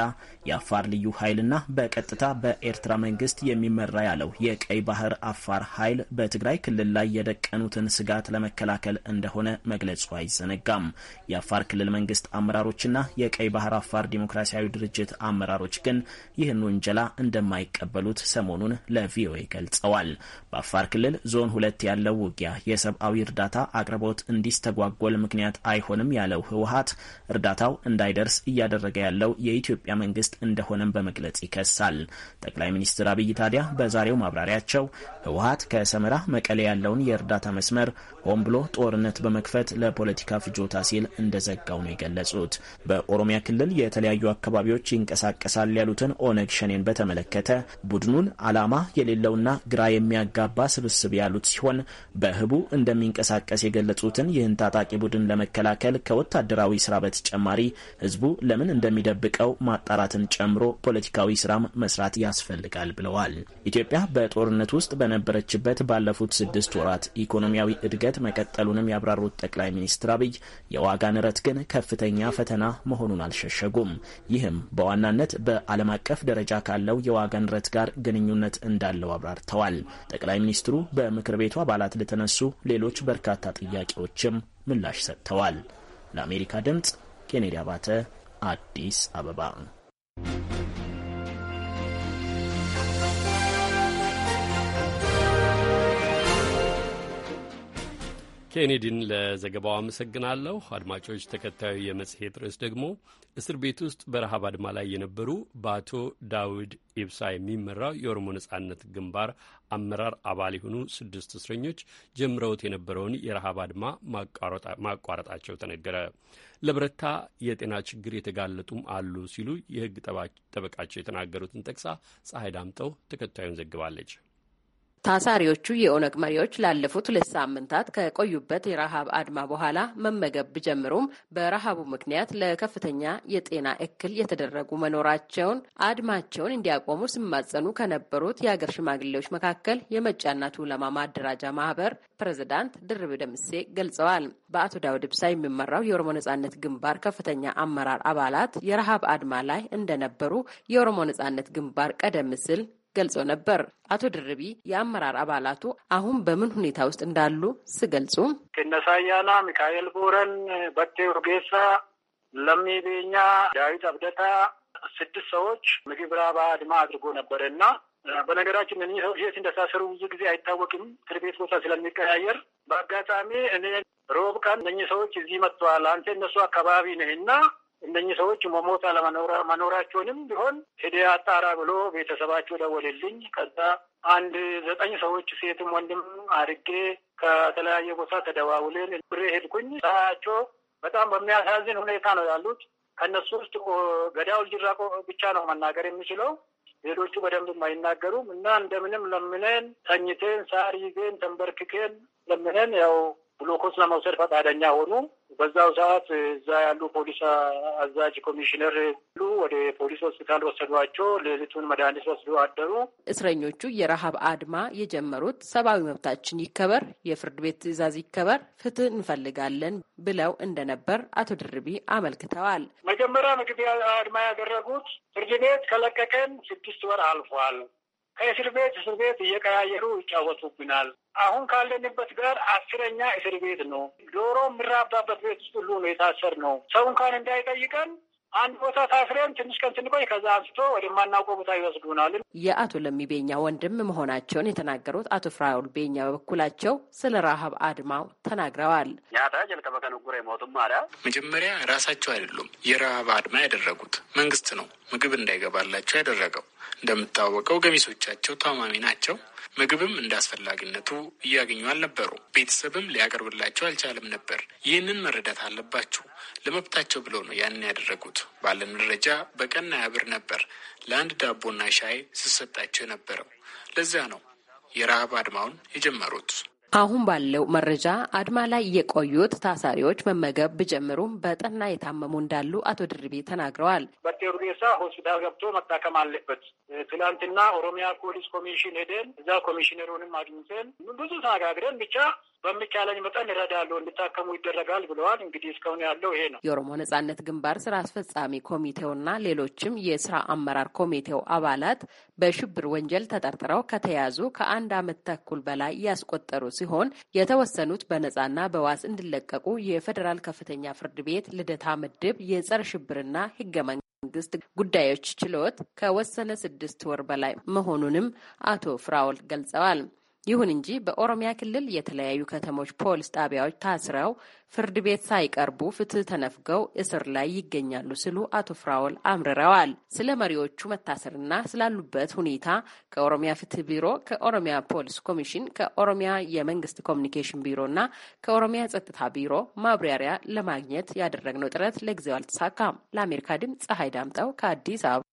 የአፋር ልዩ ኃይልና በቀጥታ በኤርትራ መንግስት የሚመራ ያለው የቀይ ባህር አፋር ኃይል በትግራይ ክልል ላይ የደቀኑትን ስጋት ለመከላከል እንደሆነ መግለጹ አይዘነጋም። የአፋር ክልል መንግስት አመራሮችና የቀይ ባህር አፋር ዲሞክራሲያዊ ድርጅት አመራሮች ግን ይህን ውንጀላ እንደማይቀበሉት ሰሞኑን ለቪኦኤ ገልጸዋል። በአፋር ክልል ዞን ሁለት ያለው ውጊያ የሰብአዊ እርዳታ አቅርቦት እንዲስተጓጎል ምክንያት አይሆንም ያለው ህወሀት እርዳታ እርዳታው እንዳይደርስ እያደረገ ያለው የኢትዮጵያ መንግስት እንደሆነም በመግለጽ ይከሳል። ጠቅላይ ሚኒስትር አብይ ታዲያ በዛሬው ማብራሪያቸው ህወሀት ከሰመራ መቀሌ ያለውን የእርዳታ መስመር ሆን ብሎ ጦርነት በመክፈት ለፖለቲካ ፍጆታ ሲል እንደዘጋው ነው የገለጹት። በኦሮሚያ ክልል የተለያዩ አካባቢዎች ይንቀሳቀሳል ያሉትን ኦነግ ሸኔን በተመለከተ ቡድኑን አላማ የሌለውና ግራ የሚያጋባ ስብስብ ያሉት ሲሆን በህቡ እንደሚንቀሳቀስ የገለጹትን ይህን ታጣቂ ቡድን ለመከላከል ከወታደራዊ ስራ በተጨ በተጨማሪ ህዝቡ ለምን እንደሚደብቀው ማጣራትን ጨምሮ ፖለቲካዊ ስራም መስራት ያስፈልጋል ብለዋል። ኢትዮጵያ በጦርነት ውስጥ በነበረችበት ባለፉት ስድስት ወራት ኢኮኖሚያዊ እድገት መቀጠሉንም ያብራሩት ጠቅላይ ሚኒስትር አብይ የዋጋ ንረት ግን ከፍተኛ ፈተና መሆኑን አልሸሸጉም። ይህም በዋናነት በዓለም አቀፍ ደረጃ ካለው የዋጋ ንረት ጋር ግንኙነት እንዳለው አብራርተዋል። ጠቅላይ ሚኒስትሩ በምክር ቤቱ አባላት ለተነሱ ሌሎች በርካታ ጥያቄዎችም ምላሽ ሰጥተዋል። ለአሜሪካ ድምጽ ኬኔዲ አባተ፣ አዲስ አበባ። ኬኔዲን ለዘገባው አመሰግናለሁ። አድማጮች፣ ተከታዩ የመጽሔት ርዕስ ደግሞ እስር ቤት ውስጥ በረሃብ አድማ ላይ የነበሩ በአቶ ዳውድ ኢብሳ የሚመራው የኦሮሞ ነጻነት ግንባር አመራር አባል የሆኑ ስድስት እስረኞች ጀምረውት የነበረውን የረሃብ አድማ ማቋረጣቸው ተነገረ። ለብረታ የጤና ችግር የተጋለጡም አሉ ሲሉ የህግ ጠበቃቸው የተናገሩትን ጠቅሳ ፀሐይ ዳምጠው ተከታዩን ዘግባለች። ታሳሪዎቹ የኦነግ መሪዎች ላለፉት ሁለት ሳምንታት ከቆዩበት የረሃብ አድማ በኋላ መመገብ ቢጀምሩም በረሃቡ ምክንያት ለከፍተኛ የጤና እክል የተደረጉ መኖራቸውን አድማቸውን እንዲያቆሙ ሲማጸኑ ከነበሩት የሀገር ሽማግሌዎች መካከል የመጫና ቱለማ ማደራጃ ማህበር ፕሬዝዳንት ድርብ ደምሴ ገልጸዋል። በአቶ ዳውድ ብሳ የሚመራው የኦሮሞ ነጻነት ግንባር ከፍተኛ አመራር አባላት የረሃብ አድማ ላይ እንደነበሩ የኦሮሞ ነጻነት ግንባር ቀደም ሲል ገልጸው ነበር። አቶ ድርቢ የአመራር አባላቱ አሁን በምን ሁኔታ ውስጥ እንዳሉ ሲገልጹ ክነሳያና ሚካኤል ቦረን፣ በቴ ኡርጌሳ፣ ለሚ ቤኛ፣ ዳዊት አብደታ ስድስት ሰዎች ምግብ ራባ አድማ አድርጎ ነበር እና በነገራችን እኒህ ሰዎች የት እንደታሰሩ ብዙ ጊዜ አይታወቅም። እስር ቤት ቦታ ስለሚቀያየር በአጋጣሚ እኔ ሮብ ቀን እኚህ ሰዎች እዚህ መጥተዋል፣ አንተ እነሱ አካባቢ ነህ እና እነኚህ ሰዎች መሞት አለመኖራቸውንም ቢሆን ሄደ አጣራ ብሎ ቤተሰባቸው ደወልልኝ። ከዛ አንድ ዘጠኝ ሰዎች ሴትም ወንድም አድርጌ ከተለያየ ቦታ ተደዋውለን ብሬ ሄድኩኝ። ሳያቸው በጣም በሚያሳዝን ሁኔታ ነው ያሉት። ከእነሱ ውስጥ ገዳው ልጅራ ብቻ ነው መናገር የሚችለው። ሌሎቹ በደንብ አይናገሩም እና እንደምንም ለምነን ተኝተን ሳር ይዘን ተንበርክኬን ለምነን ያው ብሎኮስ ለመውሰድ ፈቃደኛ ሆኑ። በዛው ሰዓት እዛ ያሉ ፖሊስ አዛዥ ኮሚሽነር ሉ ወደ ፖሊስ ሆስፒታል ወሰዷቸው። ሌሊቱን መድኃኒት ወስዶ አደሩ። እስረኞቹ የረሀብ አድማ የጀመሩት ሰብአዊ መብታችን ይከበር፣ የፍርድ ቤት ትዕዛዝ ይከበር፣ ፍትህ እንፈልጋለን ብለው እንደነበር አቶ ድርቢ አመልክተዋል። መጀመሪያ ምግብ አድማ ያደረጉት ፍርድ ቤት ከለቀቀን ስድስት ወር አልፏል ከእስር ቤት እስር ቤት እየቀያየሩ ይጫወቱብናል። አሁን ካለንበት ጋር አስረኛ እስር ቤት ነው። ዶሮ የምራባበት ቤት ውስጥ ሁሉ ነው የታሰር ነው። ሰው እንኳን እንዳይጠይቀን አንድ ቦታ ታስረን ትንሽ ቀን ስንቆይ ከዛ አንስቶ ወደማናውቀው ቦታ ይወስዱናል። የአቶ ለሚ ቤኛ ወንድም መሆናቸውን የተናገሩት አቶ ፍራውል ቤኛ በበኩላቸው ስለ ረሃብ አድማው ተናግረዋል። መጀመሪያ ራሳቸው አይደሉም የረሃብ አድማ ያደረጉት መንግስት ነው ምግብ እንዳይገባላቸው ያደረገው እንደምታወቀው ገሚሶቻቸው ታማሚ ናቸው። ምግብም እንደ አስፈላጊነቱ እያገኙ አልነበሩ። ቤተሰብም ሊያቀርብላቸው አልቻለም ነበር። ይህንን መረዳት አለባችሁ። ለመብታቸው ብለው ነው ያንን ያደረጉት። ባለን መረጃ በቀን ያብር ነበር ለአንድ ዳቦና ሻይ ስሰጣቸው የነበረው። ለዚያ ነው የረሃብ አድማውን የጀመሩት። አሁን ባለው መረጃ አድማ ላይ የቆዩት ታሳሪዎች መመገብ ቢጀምሩም በጠና የታመሙ እንዳሉ አቶ ድርቤ ተናግረዋል። በቴ ሩጌሳ ሆስፒታል ገብቶ መታከም አለበት። ትላንትና ኦሮሚያ ፖሊስ ኮሚሽን ሄደን እዛ ኮሚሽነሩንም አግኝተን ብዙ ተነጋግረን ብቻ በሚቻለኝ መጠን ይረዳሉ፣ እንዲታከሙ ይደረጋል ብለዋል። እንግዲህ እስካሁን ያለው ይሄ ነው። የኦሮሞ ነጻነት ግንባር ስራ አስፈጻሚ ኮሚቴውና ሌሎችም የስራ አመራር ኮሚቴው አባላት በሽብር ወንጀል ተጠርጥረው ከተያዙ ከአንድ ዓመት ተኩል በላይ ያስቆጠሩ ሲሆን የተወሰኑት በነጻና በዋስ እንዲለቀቁ የፌዴራል ከፍተኛ ፍርድ ቤት ልደታ ምድብ የጸረ ሽብርና ህገ መንግስት ጉዳዮች ችሎት ከወሰነ ስድስት ወር በላይ መሆኑንም አቶ ፍራውል ገልጸዋል። ይሁን እንጂ በኦሮሚያ ክልል የተለያዩ ከተሞች ፖሊስ ጣቢያዎች ታስረው ፍርድ ቤት ሳይቀርቡ ፍትህ ተነፍገው እስር ላይ ይገኛሉ ሲሉ አቶ ፍራወል አምርረዋል። ስለ መሪዎቹ መታሰርና ስላሉበት ሁኔታ ከኦሮሚያ ፍትህ ቢሮ፣ ከኦሮሚያ ፖሊስ ኮሚሽን፣ ከኦሮሚያ የመንግስት ኮሚኒኬሽን ቢሮ እና ከኦሮሚያ ጸጥታ ቢሮ ማብራሪያ ለማግኘት ያደረግነው ጥረት ለጊዜው አልተሳካም። ለአሜሪካ ድምፅ ፀሐይ ዳምጠው ከአዲስ አበባ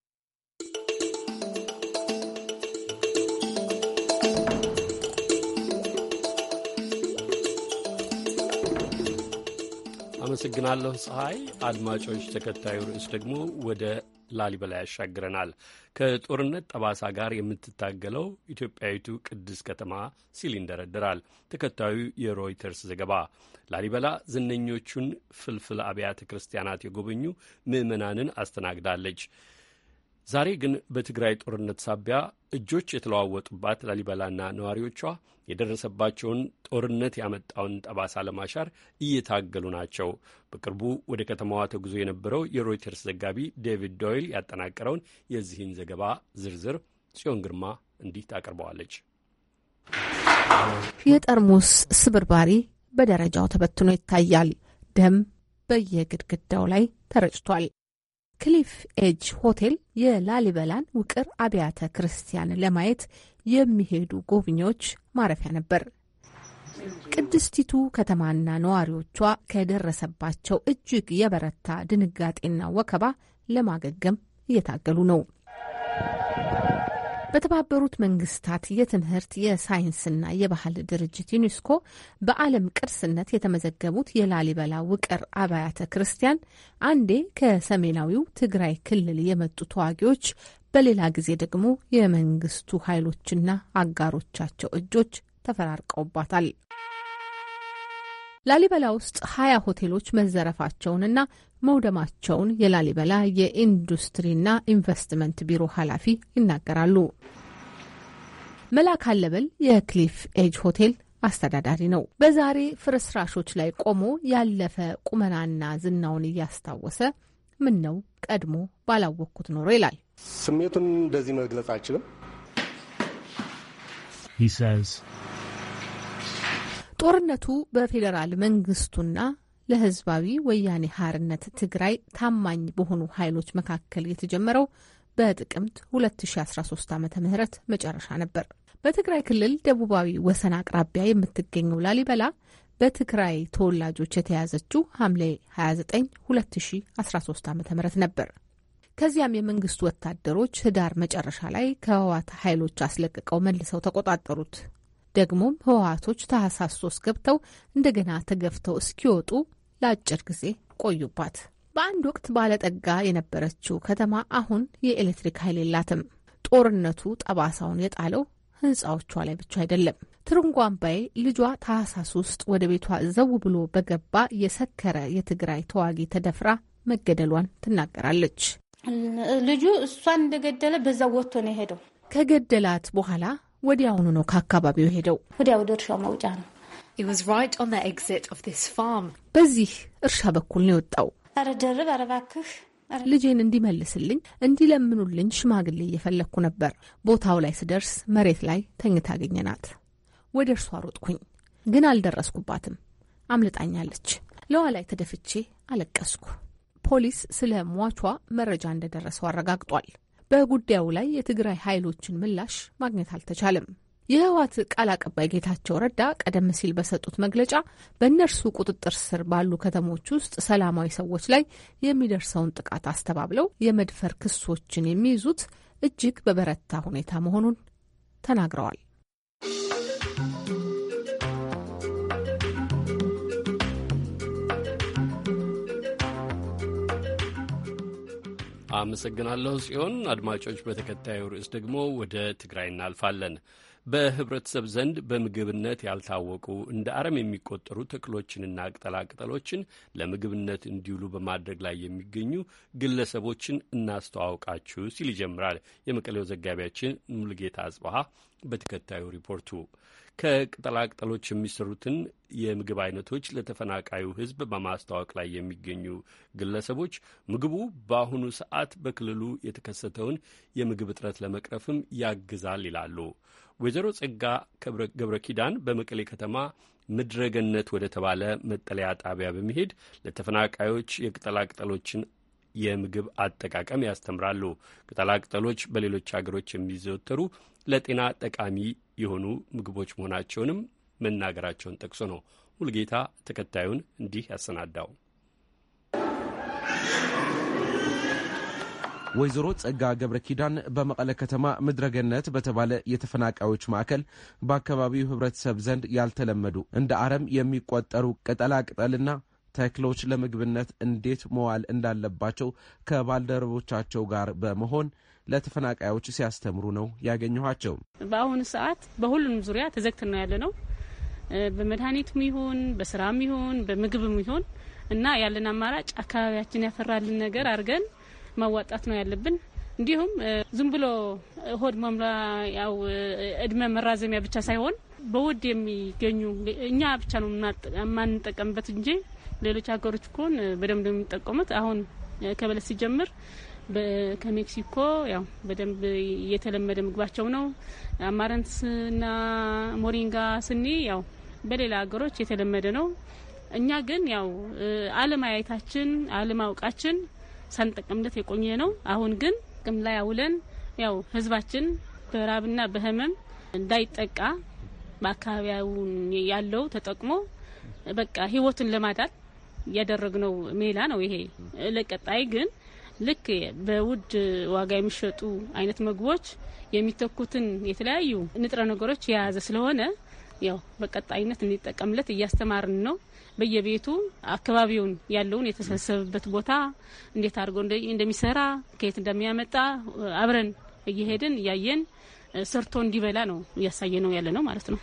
አመሰግናለሁ ፀሐይ። አድማጮች፣ ተከታዩ ርዕስ ደግሞ ወደ ላሊበላ ያሻግረናል። ከጦርነት ጠባሳ ጋር የምትታገለው ኢትዮጵያዊቱ ቅድስት ከተማ ሲል ይንደረድራል ተከታዩ የሮይተርስ ዘገባ። ላሊበላ ዝነኞቹን ፍልፍል አብያተ ክርስቲያናት የጎበኙ ምዕመናንን አስተናግዳለች። ዛሬ ግን በትግራይ ጦርነት ሳቢያ እጆች የተለዋወጡባት ላሊበላና ነዋሪዎቿ የደረሰባቸውን ጦርነት ያመጣውን ጠባሳ ለማሻር እየታገሉ ናቸው። በቅርቡ ወደ ከተማዋ ተጉዞ የነበረው የሮይተርስ ዘጋቢ ዴቪድ ዶይል ያጠናቀረውን የዚህን ዘገባ ዝርዝር ጽዮን ግርማ እንዲህ ታቀርበዋለች። የጠርሙስ ስብርባሪ በደረጃው ተበትኖ ይታያል። ደም በየግድግዳው ላይ ተረጭቷል። ክሊፍ ኤጅ ሆቴል የላሊበላን ውቅር አብያተ ክርስቲያን ለማየት የሚሄዱ ጎብኚዎች ማረፊያ ነበር። ቅድስቲቱ ከተማና ነዋሪዎቿ ከደረሰባቸው እጅግ የበረታ ድንጋጤና ወከባ ለማገገም እየታገሉ ነው። በተባበሩት መንግስታት የትምህርት የሳይንስና የባህል ድርጅት ዩኔስኮ በዓለም ቅርስነት የተመዘገቡት የላሊበላ ውቅር አብያተ ክርስቲያን አንዴ ከሰሜናዊው ትግራይ ክልል የመጡ ተዋጊዎች፣ በሌላ ጊዜ ደግሞ የመንግስቱ ኃይሎችና አጋሮቻቸው እጆች ተፈራርቀውባታል። ላሊበላ ውስጥ ሀያ ሆቴሎች መዘረፋቸውንና መውደማቸውን የላሊበላ የኢንዱስትሪና ኢንቨስትመንት ቢሮ ኃላፊ ይናገራሉ። መላክ አለበል የክሊፍ ኤጅ ሆቴል አስተዳዳሪ ነው። በዛሬ ፍርስራሾች ላይ ቆሞ ያለፈ ቁመናና ዝናውን እያስታወሰ ምን ነው ቀድሞ ባላወቅኩት ኖሮ ይላል። ስሜቱን እንደዚህ መግለጽ አልችልም። ጦርነቱ በፌዴራል መንግስቱና ለህዝባዊ ወያኔ ሀርነት ትግራይ ታማኝ በሆኑ ኃይሎች መካከል የተጀመረው በጥቅምት 2013 ዓ ም መጨረሻ ነበር። በትግራይ ክልል ደቡባዊ ወሰን አቅራቢያ የምትገኘው ላሊበላ በትግራይ ተወላጆች የተያዘችው ሐምሌ 29 2013 ዓ ም ነበር። ከዚያም የመንግስቱ ወታደሮች ህዳር መጨረሻ ላይ ከህወሓት ኃይሎች አስለቅቀው መልሰው ተቆጣጠሩት። ደግሞም ህወሀቶች ታህሳስ ሶስት ገብተው እንደገና ተገፍተው እስኪወጡ ለአጭር ጊዜ ቆዩባት። በአንድ ወቅት ባለጠጋ የነበረችው ከተማ አሁን የኤሌክትሪክ ኃይል የላትም። ጦርነቱ ጠባሳውን የጣለው ህንፃዎቿ ላይ ብቻ አይደለም። ትርንጓምባዬ ልጇ ታህሳስ ውስጥ ወደ ቤቷ ዘው ብሎ በገባ የሰከረ የትግራይ ተዋጊ ተደፍራ መገደሏን ትናገራለች። ልጁ እሷን እንደገደለ በዛ ወጥቶ ነው የሄደው። ከገደላት በኋላ ወዲያውኑ ነው ከአካባቢው ሄደው። ወዲያ ወደ እርሻው መውጫ ነው። በዚህ እርሻ በኩል ነው የወጣው። ኧረ ደርብ፣ ኧረ እባክህ ልጄን እንዲመልስልኝ እንዲለምኑልኝ ሽማግሌ እየፈለግኩ ነበር። ቦታው ላይ ስደርስ መሬት ላይ ተኝታ አገኘናት። ወደ እርሷ ሮጥኩኝ፣ ግን አልደረስኩባትም። አምልጣኛለች። ለዋ ላይ ተደፍቼ አለቀስኩ። ፖሊስ ስለ ሟቿ መረጃ እንደደረሰው አረጋግጧል። በጉዳዩ ላይ የትግራይ ኃይሎችን ምላሽ ማግኘት አልተቻለም። የህወሓት ቃል አቀባይ ጌታቸው ረዳ ቀደም ሲል በሰጡት መግለጫ በእነርሱ ቁጥጥር ስር ባሉ ከተሞች ውስጥ ሰላማዊ ሰዎች ላይ የሚደርሰውን ጥቃት አስተባብለው የመድፈር ክሶችን የሚይዙት እጅግ በበረታ ሁኔታ መሆኑን ተናግረዋል። አመሰግናለሁ ጽዮን። አድማጮች፣ በተከታዩ ርዕስ ደግሞ ወደ ትግራይ እናልፋለን። በህብረተሰብ ዘንድ በምግብነት ያልታወቁ እንደ አረም የሚቆጠሩ ተክሎችንና ቅጠላቅጠሎችን ለምግብነት እንዲውሉ በማድረግ ላይ የሚገኙ ግለሰቦችን እናስተዋውቃችሁ ሲል ይጀምራል የመቀሌው ዘጋቢያችን ሙልጌታ አጽበሀ በተከታዩ ሪፖርቱ። ከቅጠላቅጠሎች የሚሰሩትን የምግብ አይነቶች ለተፈናቃዩ ህዝብ በማስተዋወቅ ላይ የሚገኙ ግለሰቦች ምግቡ በአሁኑ ሰዓት በክልሉ የተከሰተውን የምግብ እጥረት ለመቅረፍም ያግዛል ይላሉ። ወይዘሮ ጸጋ ገብረ ኪዳን በመቀሌ ከተማ ምድረገነት ወደ ተባለ መጠለያ ጣቢያ በመሄድ ለተፈናቃዮች የቅጠላቅጠሎችን የምግብ አጠቃቀም ያስተምራሉ። ቅጠላቅጠሎች በሌሎች ሀገሮች የሚዘወተሩ ለጤና ጠቃሚ የሆኑ ምግቦች መሆናቸውንም መናገራቸውን ጠቅሶ ነው ሙልጌታ ተከታዩን እንዲህ ያሰናዳው። ወይዘሮ ጸጋ ገብረ ኪዳን በመቀለ ከተማ ምድረገነት በተባለ የተፈናቃዮች ማዕከል በአካባቢው ህብረተሰብ ዘንድ ያልተለመዱ እንደ አረም የሚቆጠሩ ቅጠላቅጠልና ተክሎች ለምግብነት እንዴት መዋል እንዳለባቸው ከባልደረቦቻቸው ጋር በመሆን ለተፈናቃዮች ሲያስተምሩ ነው ያገኘኋቸው። በአሁኑ ሰዓት በሁሉንም ዙሪያ ተዘግተን ነው ያለ ነው። በመድኃኒቱም ይሁን በስራም ይሁን በምግብም ይሁን እና ያለን አማራጭ አካባቢያችን ያፈራልን ነገር አድርገን ማዋጣት ነው ያለብን። እንዲሁም ዝም ብሎ ሆድ ያው እድሜ መራዘሚያ ብቻ ሳይሆን በውድ የሚገኙ እኛ ብቻ ነው የማንጠቀምበት እንጂ ሌሎች ሀገሮች ኮን በደንብ የሚጠቀሙት። አሁን ከበለስ ሲጀምር ከሜክሲኮ ያው በደንብ የተለመደ ምግባቸው ነው። አማረንስና ሞሪንጋ ስኒ ያው በሌላ ሀገሮች የተለመደ ነው። እኛ ግን ያው አለማየታችን አለማወቃችን ሳንጠቀምለት የቆየ ነው። አሁን ግን ጥቅም ላይ አውለን ያው ህዝባችን በራብና በህመም እንዳይጠቃ በአካባቢያውን ያለው ተጠቅሞ በቃ ህይወቱን ለማዳን ያደረግነው ሜላ ነው ይሄ። ለቀጣይ ግን ልክ በውድ ዋጋ የሚሸጡ አይነት ምግቦች የሚተኩትን የተለያዩ ንጥረ ነገሮች የያዘ ስለሆነ ያው በቀጣይነት እንዲጠቀምለት እያስተማርን ነው። በየቤቱ አካባቢውን ያለውን የተሰበሰበበት ቦታ እንዴት አድርጎ እንደሚሰራ ከየት እንደሚያመጣ አብረን እየሄድን እያየን ሰርቶ እንዲበላ ነው እያሳየ ነው ያለ ነው ማለት ነው።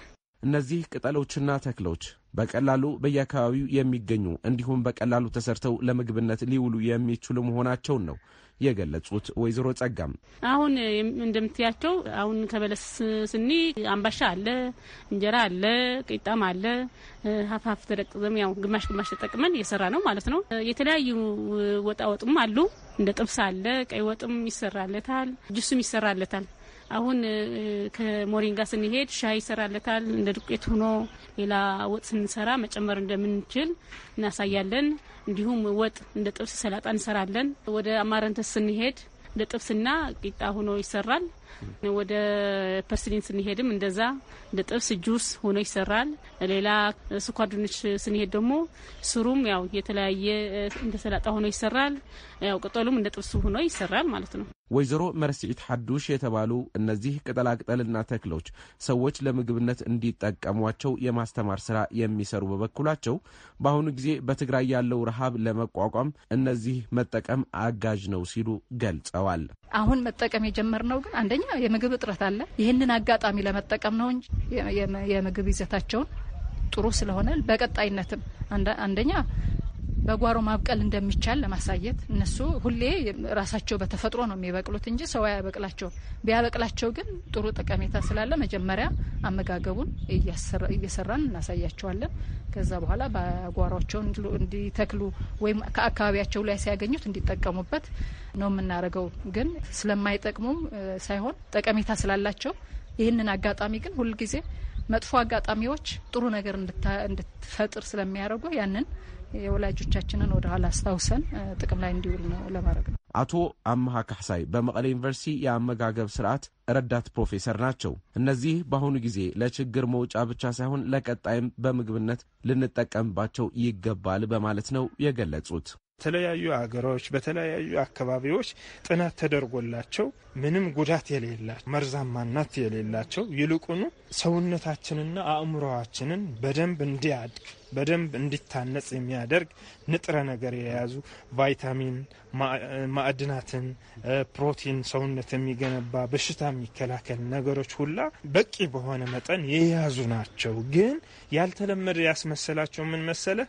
እነዚህ ቅጠሎችና ተክሎች በቀላሉ በየአካባቢው የሚገኙ እንዲሁም በቀላሉ ተሰርተው ለምግብነት ሊውሉ የሚችሉ መሆናቸውን ነው የገለጹት ወይዘሮ ጸጋም አሁን እንደምትያቸው አሁን ከበለስ ስኒ አምባሻ አለ፣ እንጀራ አለ፣ ቂጣም አለ። ሀፍሀፍ ተደቅዘም ያው ግማሽ ግማሽ ተጠቅመን እየሰራ ነው ማለት ነው። የተለያዩ ወጣ ወጥም አሉ። እንደ ጥብስ አለ፣ ቀይ ወጥም ይሰራለታል፣ ጁስም ይሰራለታል። አሁን ከሞሪንጋ ስንሄድ ሻይ ይሰራለታል። እንደ ዱቄት ሆኖ ሌላ ወጥ ስንሰራ መጨመር እንደምንችል እናሳያለን። እንዲሁም ወጥ እንደ ጥብስ፣ ሰላጣ እንሰራለን። ወደ አማረንተስ ስንሄድ እንደ ጥብስና ቂጣ ሆኖ ይሰራል። ወደ ፐርስሊን ስንሄድም እንደዛ እንደ ጥብስ ጁስ ሆኖ ይሰራል። ሌላ ስኳር ድንች ስንሄድ ደግሞ ስሩም ያው የተለያየ እንደ ሰላጣ ሆኖ ይሰራል። ያው ቅጠሉም እንደ ጥብስ ሆኖ ይሰራል ማለት ነው። ወይዘሮ መርሲዒት ሐዱሽ የተባሉ እነዚህ ቅጠላቅጠልና ተክሎች ሰዎች ለምግብነት እንዲጠቀሟቸው የማስተማር ስራ የሚሰሩ በበኩላቸው በአሁኑ ጊዜ በትግራይ ያለው ረሃብ ለመቋቋም እነዚህ መጠቀም አጋዥ ነው ሲሉ ገልጸዋል። አሁን መጠቀም የጀመርነው ግን አንደኛ የምግብ እጥረት አለ። ይህንን አጋጣሚ ለመጠቀም ነው እንጂ የምግብ ይዘታቸውን ጥሩ ስለሆነ በቀጣይነትም አንደኛ በጓሮ ማብቀል እንደሚቻል ለማሳየት እነሱ ሁሌ ራሳቸው በተፈጥሮ ነው የሚበቅሉት እንጂ ሰው አያበቅላቸው። ቢያበቅላቸው ግን ጥሩ ጠቀሜታ ስላለ መጀመሪያ አመጋገቡን እየሰራን እናሳያቸዋለን። ከዛ በኋላ በጓሯቸውን እንዲተክሉ ወይም ከአካባቢያቸው ላይ ሲያገኙት እንዲጠቀሙበት ነው የምናደርገው። ግን ስለማይጠቅሙም ሳይሆን ጠቀሜታ ስላላቸው ይህንን አጋጣሚ ግን ሁልጊዜ መጥፎ አጋጣሚዎች ጥሩ ነገር እንድትፈጥር ስለሚያደርጉ ያንን የወላጆቻችንን ወደ ኋላ አስታውሰን ጥቅም ላይ እንዲውል ነው ለማድረግ ነው። አቶ አመሃ ካሕሳይ በመቀሌ ዩኒቨርሲቲ የአመጋገብ ስርዓት ረዳት ፕሮፌሰር ናቸው። እነዚህ በአሁኑ ጊዜ ለችግር መውጫ ብቻ ሳይሆን ለቀጣይም በምግብነት ልንጠቀምባቸው ይገባል በማለት ነው የገለጹት። የተለያዩ አገሮች በተለያዩ አካባቢዎች ጥናት ተደርጎላቸው ምንም ጉዳት የሌላቸው መርዛማነት የሌላቸው ይልቁኑ ሰውነታችንና አእምሮዋችንን በደንብ እንዲያድግ በደንብ እንዲታነጽ የሚያደርግ ንጥረ ነገር የያዙ ቫይታሚን፣ ማዕድናትን፣ ፕሮቲን ሰውነት የሚገነባ በሽታ የሚከላከል ነገሮች ሁላ በቂ በሆነ መጠን የያዙ ናቸው። ግን ያልተለመደ ያስመሰላቸው ምን መሰለ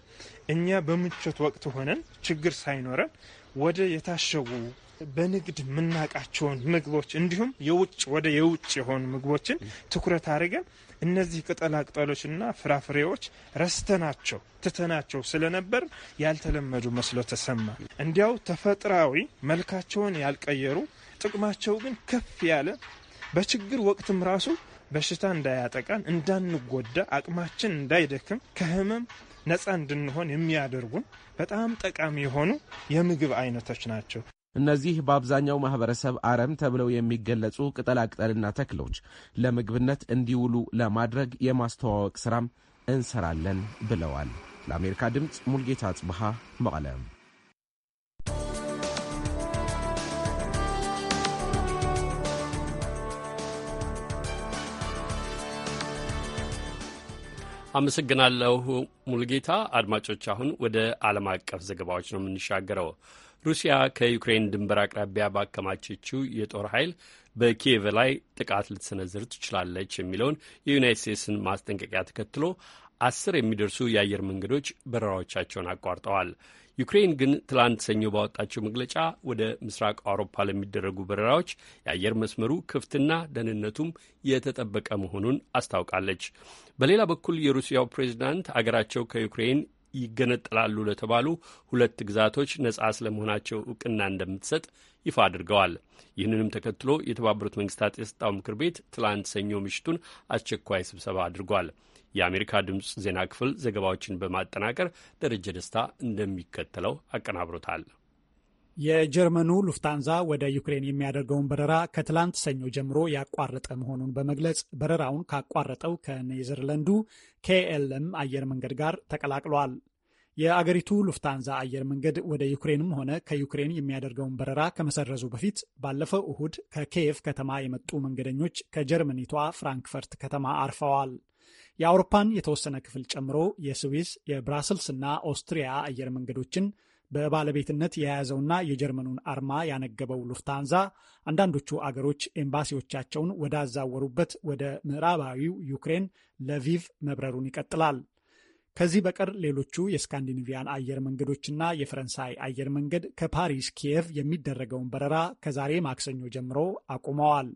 እኛ በምቾት ወቅት ሆነን ችግር ሳይኖረን ወደ የታሸጉ በንግድ የምናውቃቸውን ምግቦች እንዲሁም የውጭ ወደ የውጭ የሆኑ ምግቦችን ትኩረት አድርገን እነዚህ ቅጠላቅጠሎችና ፍራፍሬዎች ረስተናቸው ትተናቸው ስለነበር ያልተለመዱ መስሎ ተሰማ። እንዲያው ተፈጥሯዊ መልካቸውን ያልቀየሩ ጥቅማቸው ግን ከፍ ያለ በችግር ወቅትም ራሱ በሽታ እንዳያጠቃን እንዳንጎዳ አቅማችን እንዳይደክም ከህመም ነፃ እንድንሆን የሚያደርጉን በጣም ጠቃሚ የሆኑ የምግብ አይነቶች ናቸው። እነዚህ በአብዛኛው ማህበረሰብ አረም ተብለው የሚገለጹ ቅጠላቅጠልና ተክሎች ለምግብነት እንዲውሉ ለማድረግ የማስተዋወቅ ስራም እንሰራለን ብለዋል። ለአሜሪካ ድምፅ ሙልጌታ ጽብሃ መቀለም አመሰግናለሁ ሙልጌታ። አድማጮች አሁን ወደ ዓለም አቀፍ ዘገባዎች ነው የምንሻገረው። ሩሲያ ከዩክሬን ድንበር አቅራቢያ ባከማቸችው የጦር ኃይል በኪየቭ ላይ ጥቃት ልትሰነዝር ትችላለች የሚለውን የዩናይት ስቴትስን ማስጠንቀቂያ ተከትሎ አስር የሚደርሱ የአየር መንገዶች በረራዎቻቸውን አቋርጠዋል። ዩክሬን ግን ትላንት ሰኞ ባወጣቸው መግለጫ ወደ ምስራቅ አውሮፓ ለሚደረጉ በረራዎች የአየር መስመሩ ክፍትና ደህንነቱም የተጠበቀ መሆኑን አስታውቃለች። በሌላ በኩል የሩሲያው ፕሬዚዳንት አገራቸው ከዩክሬን ይገነጠላሉ ለተባሉ ሁለት ግዛቶች ነጻ ስለመሆናቸው እውቅና እንደምትሰጥ ይፋ አድርገዋል። ይህንንም ተከትሎ የተባበሩት መንግስታት የጸጥታው ምክር ቤት ትላንት ሰኞ ምሽቱን አስቸኳይ ስብሰባ አድርጓል። የአሜሪካ ድምፅ ዜና ክፍል ዘገባዎችን በማጠናቀር ደረጀ ደስታ እንደሚከተለው አቀናብሮታል። የጀርመኑ ሉፍታንዛ ወደ ዩክሬን የሚያደርገውን በረራ ከትላንት ሰኞ ጀምሮ ያቋረጠ መሆኑን በመግለጽ በረራውን ካቋረጠው ከኔዘርላንዱ ኬኤልኤም አየር መንገድ ጋር ተቀላቅሏል። የአገሪቱ ሉፍታንዛ አየር መንገድ ወደ ዩክሬንም ሆነ ከዩክሬን የሚያደርገውን በረራ ከመሰረዙ በፊት ባለፈው እሁድ ከኪየቭ ከተማ የመጡ መንገደኞች ከጀርመኒቷ ፍራንክፈርት ከተማ አርፈዋል። የአውሮፓን የተወሰነ ክፍል ጨምሮ የስዊስ የብራስልስና ኦስትሪያ አየር መንገዶችን በባለቤትነት የያዘውና የጀርመኑን አርማ ያነገበው ሉፍታንዛ አንዳንዶቹ አገሮች ኤምባሲዎቻቸውን ወዳዛወሩበት ወደ ምዕራባዊው ዩክሬን ለቪቭ መብረሩን ይቀጥላል። ከዚህ በቀር ሌሎቹ የስካንዲኔቪያን አየር መንገዶችና የፈረንሳይ አየር መንገድ ከፓሪስ ኪየቭ የሚደረገውን በረራ ከዛሬ ማክሰኞ ጀምሮ አቁመዋል።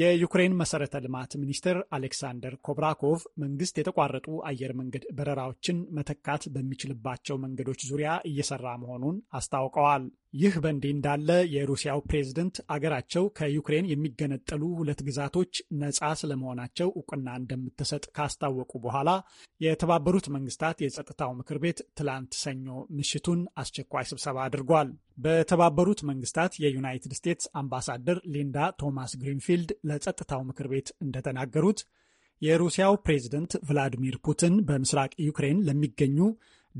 የዩክሬን መሰረተ ልማት ሚኒስትር አሌክሳንደር ኮብራኮቭ መንግስት የተቋረጡ አየር መንገድ በረራዎችን መተካት በሚችልባቸው መንገዶች ዙሪያ እየሰራ መሆኑን አስታውቀዋል። ይህ በእንዲህ እንዳለ የሩሲያው ፕሬዝደንት አገራቸው ከዩክሬን የሚገነጠሉ ሁለት ግዛቶች ነጻ ስለመሆናቸው እውቅና እንደምትሰጥ ካስታወቁ በኋላ የተባበሩት መንግስታት የጸጥታው ምክር ቤት ትላንት ሰኞ ምሽቱን አስቸኳይ ስብሰባ አድርጓል። በተባበሩት መንግስታት የዩናይትድ ስቴትስ አምባሳደር ሊንዳ ቶማስ ግሪንፊልድ ለጸጥታው ምክር ቤት እንደተናገሩት የሩሲያው ፕሬዝደንት ቭላዲሚር ፑቲን በምስራቅ ዩክሬን ለሚገኙ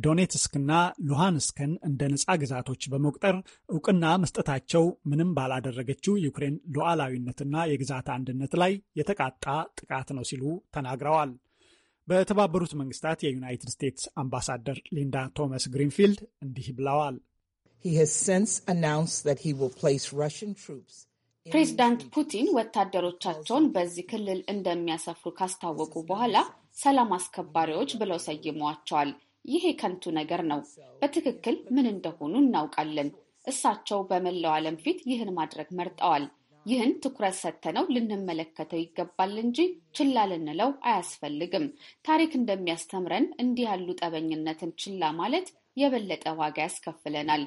ዶኔትስክና ሉሃንስክን እንደ ነፃ ግዛቶች በመቁጠር እውቅና መስጠታቸው ምንም ባላደረገችው ዩክሬን ሉዓላዊነትና የግዛት አንድነት ላይ የተቃጣ ጥቃት ነው ሲሉ ተናግረዋል። በተባበሩት መንግስታት የዩናይትድ ስቴትስ አምባሳደር ሊንዳ ቶማስ ግሪንፊልድ እንዲህ ብለዋል። ፕሬዚዳንት ፑቲን ወታደሮቻቸውን በዚህ ክልል እንደሚያሰፍሩ ካስታወቁ በኋላ ሰላም አስከባሪዎች ብለው ሰይመዋቸዋል። ይህ የከንቱ ነገር ነው። በትክክል ምን እንደሆኑ እናውቃለን። እሳቸው በመላው ዓለም ፊት ይህን ማድረግ መርጠዋል። ይህን ትኩረት ሰጥተነው ልንመለከተው ይገባል እንጂ ችላ ልንለው አያስፈልግም። ታሪክ እንደሚያስተምረን እንዲህ ያሉ ጠበኝነትን ችላ ማለት የበለጠ ዋጋ ያስከፍለናል።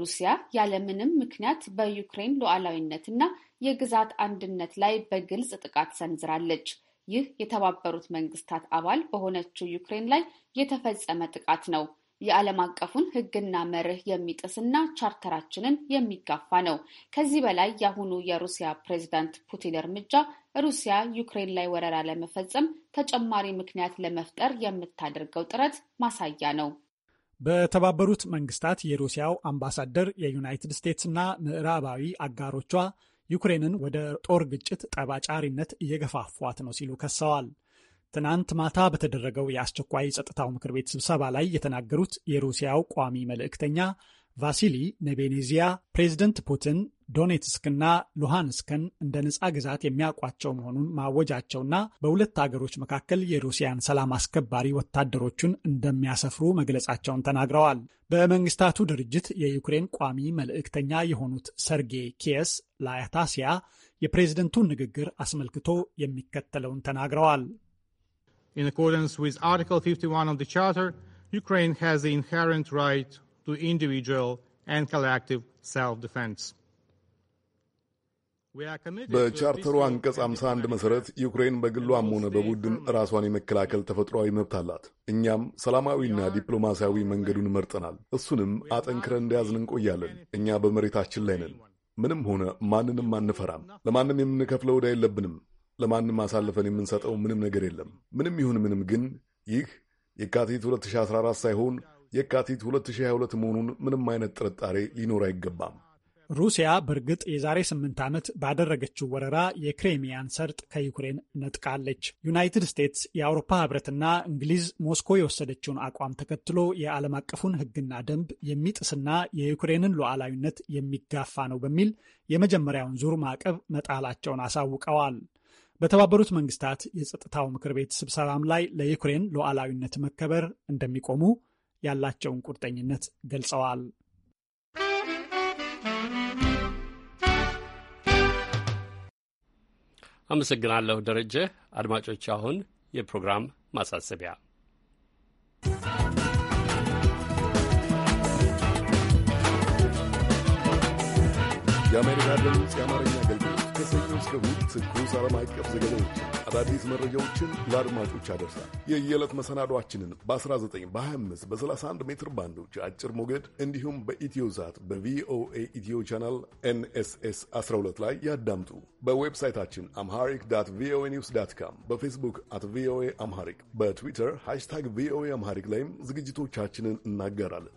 ሩሲያ ያለምንም ምክንያት በዩክሬን ሉዓላዊነትና የግዛት አንድነት ላይ በግልጽ ጥቃት ሰንዝራለች። ይህ የተባበሩት መንግስታት አባል በሆነችው ዩክሬን ላይ የተፈጸመ ጥቃት ነው። የዓለም አቀፉን ሕግና መርህ የሚጥስና ቻርተራችንን የሚጋፋ ነው። ከዚህ በላይ የአሁኑ የሩሲያ ፕሬዚዳንት ፑቲን እርምጃ ሩሲያ ዩክሬን ላይ ወረራ ለመፈጸም ተጨማሪ ምክንያት ለመፍጠር የምታደርገው ጥረት ማሳያ ነው። በተባበሩት መንግስታት የሩሲያው አምባሳደር የዩናይትድ ስቴትስና ምዕራባዊ አጋሮቿ ዩክሬንን ወደ ጦር ግጭት ጠባጫሪነት እየገፋፏት ነው ሲሉ ከሰዋል። ትናንት ማታ በተደረገው የአስቸኳይ ጸጥታው ምክር ቤት ስብሰባ ላይ የተናገሩት የሩሲያው ቋሚ መልእክተኛ ቫሲሊ ኔቤኔዚያ ፕሬዝደንት ፑቲን ዶኔትስክና ሉሃንስክን እንደ ነፃ ግዛት የሚያውቋቸው መሆኑን ማወጃቸውና በሁለት አገሮች መካከል የሩሲያን ሰላም አስከባሪ ወታደሮቹን እንደሚያሰፍሩ መግለጻቸውን ተናግረዋል። በመንግስታቱ ድርጅት የዩክሬን ቋሚ መልእክተኛ የሆኑት ሰርጌይ ኪየስ ላያታሲያ የፕሬዝደንቱን ንግግር አስመልክቶ የሚከተለውን ተናግረዋል። In accordance with Article 51 of the Charter, Ukraine has the inherent right to individual and collective self-defense. በቻርተሩ አንቀጽ 51 መሠረት ዩክሬን በግሏም ሆነ በቡድን ራሷን የመከላከል ተፈጥሯዊ መብት አላት። እኛም ሰላማዊና ዲፕሎማሲያዊ መንገዱን መርጠናል። እሱንም አጠንክረን እንደያዝን እንቆያለን። እኛ በመሬታችን ላይ ነን። ምንም ሆነ ማንንም አንፈራም። ለማንም የምንከፍለው ዕዳ የለብንም። ለማንም አሳልፈን የምንሰጠው ምንም ነገር የለም። ምንም ይሁን ምንም ግን ይህ የካቲት 2014 ሳይሆን የካቲት 2022 መሆኑን ምንም አይነት ጥርጣሬ ሊኖር አይገባም። ሩሲያ በእርግጥ የዛሬ ስምንት ዓመት ባደረገችው ወረራ የክሬሚያን ሰርጥ ከዩክሬን ነጥቃለች። ዩናይትድ ስቴትስ፣ የአውሮፓ ህብረትና እንግሊዝ ሞስኮ የወሰደችውን አቋም ተከትሎ የዓለም አቀፉን ህግና ደንብ የሚጥስና የዩክሬንን ሉዓላዊነት የሚጋፋ ነው በሚል የመጀመሪያውን ዙር ማዕቀብ መጣላቸውን አሳውቀዋል። በተባበሩት መንግስታት የጸጥታው ምክር ቤት ስብሰባም ላይ ለዩክሬን ሉዓላዊነት መከበር እንደሚቆሙ ያላቸውን ቁርጠኝነት ገልጸዋል። አመሰግናለሁ ደረጀ። አድማጮች፣ አሁን የፕሮግራም ማሳሰቢያ የአሜሪካ ድምፅ የአማርኛ አገልግሎት ከሰኞ እስከ እሑድ ትኩስ ዓለም አቀፍ ዘገባዎች፣ አዳዲስ መረጃዎችን ለአድማጮች አደርሳል። የየዕለት መሰናዷችንን በ19 በ25 በ31 ሜትር ባንዶች አጭር ሞገድ እንዲሁም በኢትዮ ዛት በቪኦኤ ኢትዮ ቻናል ኤንኤስኤስ 12 ላይ ያዳምጡ። በዌብሳይታችን አምሃሪክ ዳት ቪኦኤ ኒውስ ዳት ካም፣ በፌስቡክ አት ቪኦኤ አምሃሪክ፣ በትዊተር ሃሽታግ ቪኦኤ አምሃሪክ ላይም ዝግጅቶቻችንን እናገራለን።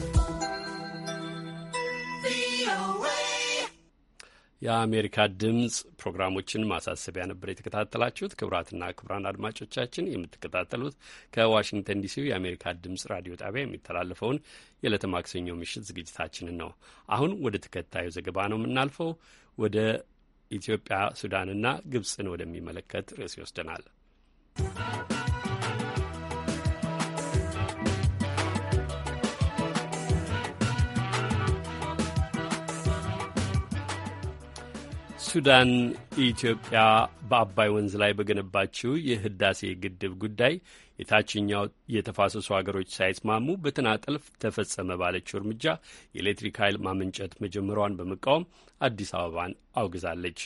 የአሜሪካ ድምፅ ፕሮግራሞችን ማሳሰቢያ ነበር የተከታተላችሁት። ክቡራትና ክቡራን አድማጮቻችን የምትከታተሉት ከዋሽንግተን ዲሲው የአሜሪካ ድምፅ ራዲዮ ጣቢያ የሚተላለፈውን የዕለተ ማክሰኞ ምሽት ዝግጅታችንን ነው። አሁን ወደ ተከታዩ ዘገባ ነው የምናልፈው። ወደ ኢትዮጵያ ሱዳንና ግብፅን ወደሚመለከት ርዕስ ይወስደናል። ሱዳን ኢትዮጵያ በአባይ ወንዝ ላይ በገነባችው የህዳሴ ግድብ ጉዳይ የታችኛው የተፋሰሱ ሀገሮች ሳይስማሙ በትናጥልፍ ተፈጸመ ባለችው እርምጃ የኤሌክትሪክ ኃይል ማመንጨት መጀመሯን በመቃወም አዲስ አበባን አውግዛለች።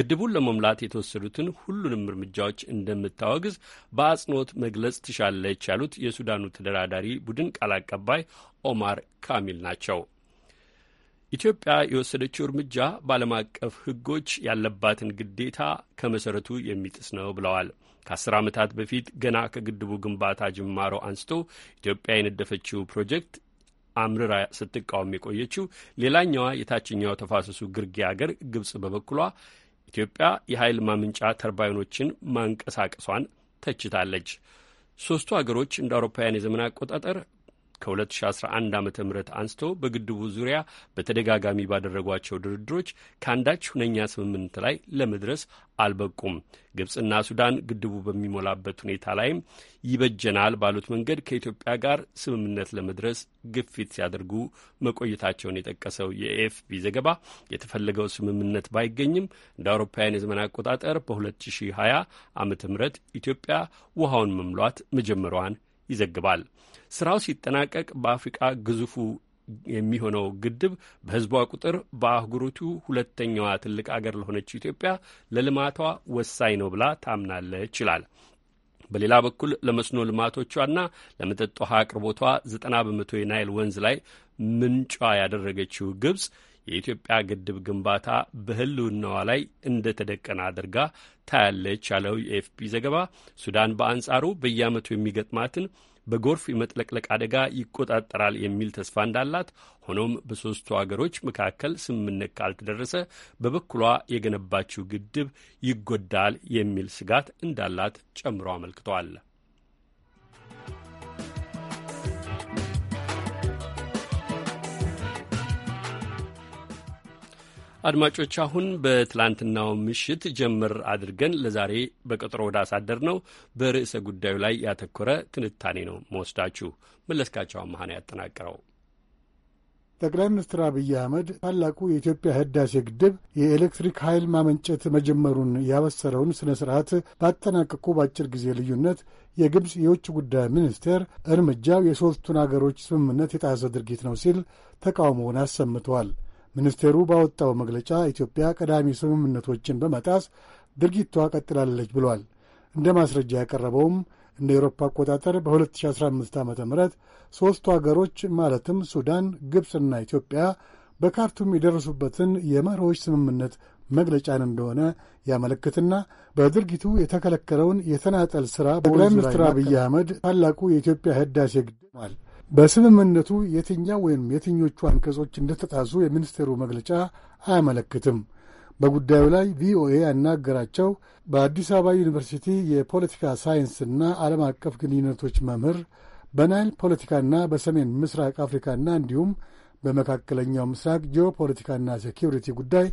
ግድቡን ለመሙላት የተወሰዱትን ሁሉንም እርምጃዎች እንደምታወግዝ በአጽንኦት መግለጽ ትሻለች ያሉት የሱዳኑ ተደራዳሪ ቡድን ቃል አቀባይ ኦማር ካሚል ናቸው። ኢትዮጵያ የወሰደችው እርምጃ በዓለም አቀፍ ሕጎች ያለባትን ግዴታ ከመሠረቱ የሚጥስ ነው ብለዋል። ከአስር ዓመታት በፊት ገና ከግድቡ ግንባታ ጅማሮ አንስቶ ኢትዮጵያ የነደፈችው ፕሮጀክት አምርራ ስትቃወም የቆየችው ሌላኛዋ የታችኛው ተፋሰሱ ግርጌ አገር ግብጽ በበኩሏ ኢትዮጵያ የኃይል ማምንጫ ተርባይኖችን ማንቀሳቀሷን ተችታለች። ሶስቱ አገሮች እንደ አውሮፓውያን የዘመን አቆጣጠር ከ2011 ዓ ም አንስቶ በግድቡ ዙሪያ በተደጋጋሚ ባደረጓቸው ድርድሮች ከአንዳች ሁነኛ ስምምነት ላይ ለመድረስ አልበቁም። ግብጽና ሱዳን ግድቡ በሚሞላበት ሁኔታ ላይም ይበጀናል ባሉት መንገድ ከኢትዮጵያ ጋር ስምምነት ለመድረስ ግፊት ሲያደርጉ መቆየታቸውን የጠቀሰው የኤፍፒ ዘገባ የተፈለገው ስምምነት ባይገኝም እንደ አውሮፓውያን የዘመን አቆጣጠር በ2020 ዓ ም ኢትዮጵያ ውሃውን መምሏት መጀመሯን ይዘግባል። ስራው ሲጠናቀቅ በአፍሪቃ ግዙፉ የሚሆነው ግድብ በህዝቧ ቁጥር በአህጉሪቱ ሁለተኛዋ ትልቅ አገር ለሆነች ኢትዮጵያ ለልማቷ ወሳኝ ነው ብላ ታምናለች ይላል። በሌላ በኩል ለመስኖ ልማቶቿና ለመጠጥ ውሃ አቅርቦቷ ዘጠና በመቶ የናይል ወንዝ ላይ ምንጯ ያደረገችው ግብጽ የኢትዮጵያ ግድብ ግንባታ በህልውናዋ ላይ እንደ ተደቀነ አድርጋ ታያለች ያለው የኤፍፒ ዘገባ ሱዳን በአንጻሩ በየዓመቱ የሚገጥማትን በጎርፍ የመጥለቅለቅ አደጋ ይቆጣጠራል የሚል ተስፋ እንዳላት፣ ሆኖም በሦስቱ አገሮች መካከል ስምምነት ካልተደረሰ በበኩሏ የገነባችው ግድብ ይጎዳል የሚል ስጋት እንዳላት ጨምሮ አመልክቷል። አድማጮች አሁን በትላንትናው ምሽት ጀምር አድርገን ለዛሬ በቀጠሮ ወዳሳደር ነው በርዕሰ ጉዳዩ ላይ ያተኮረ ትንታኔ ነው መወስዳችሁ። መለስካቸው አመሀን ያጠናቅረው። ጠቅላይ ሚኒስትር አብይ አህመድ ታላቁ የኢትዮጵያ ህዳሴ ግድብ የኤሌክትሪክ ኃይል ማመንጨት መጀመሩን ያበሰረውን ስነ ስርዓት ባጠናቀቁ በአጭር ጊዜ ልዩነት የግብፅ የውጭ ጉዳይ ሚኒስቴር እርምጃው የሦስቱን አገሮች ስምምነት የጣሰ ድርጊት ነው ሲል ተቃውሞውን አሰምተዋል። ሚኒስቴሩ ባወጣው መግለጫ ኢትዮጵያ ቀዳሚ ስምምነቶችን በመጣስ ድርጊቷ ቀጥላለች ብሏል። እንደ ማስረጃ ያቀረበውም እንደ ኤሮፓ አቆጣጠር በ2015 ዓ ም ሦስቱ አገሮች ማለትም ሱዳን፣ ግብፅና ኢትዮጵያ በካርቱም የደረሱበትን የመርሆች ስምምነት መግለጫን እንደሆነ ያመለክትና በድርጊቱ የተከለከለውን የተናጠል ሥራ ጠቅላይ ሚኒስትር አብይ አህመድ ታላቁ የኢትዮጵያ ህዳሴ ግድብ በስምምነቱ የትኛው ወይም የትኞቹ አንቀጾች እንደተጣሱ የሚኒስቴሩ መግለጫ አያመለክትም። በጉዳዩ ላይ ቪኦኤ ያናገራቸው በአዲስ አበባ ዩኒቨርሲቲ የፖለቲካ ሳይንስና ዓለም አቀፍ ግንኙነቶች መምህር በናይል ፖለቲካና በሰሜን ምስራቅ አፍሪካና እንዲሁም በመካከለኛው ምስራቅ ጂኦፖለቲካና ሴኪሪቲ ጉዳይ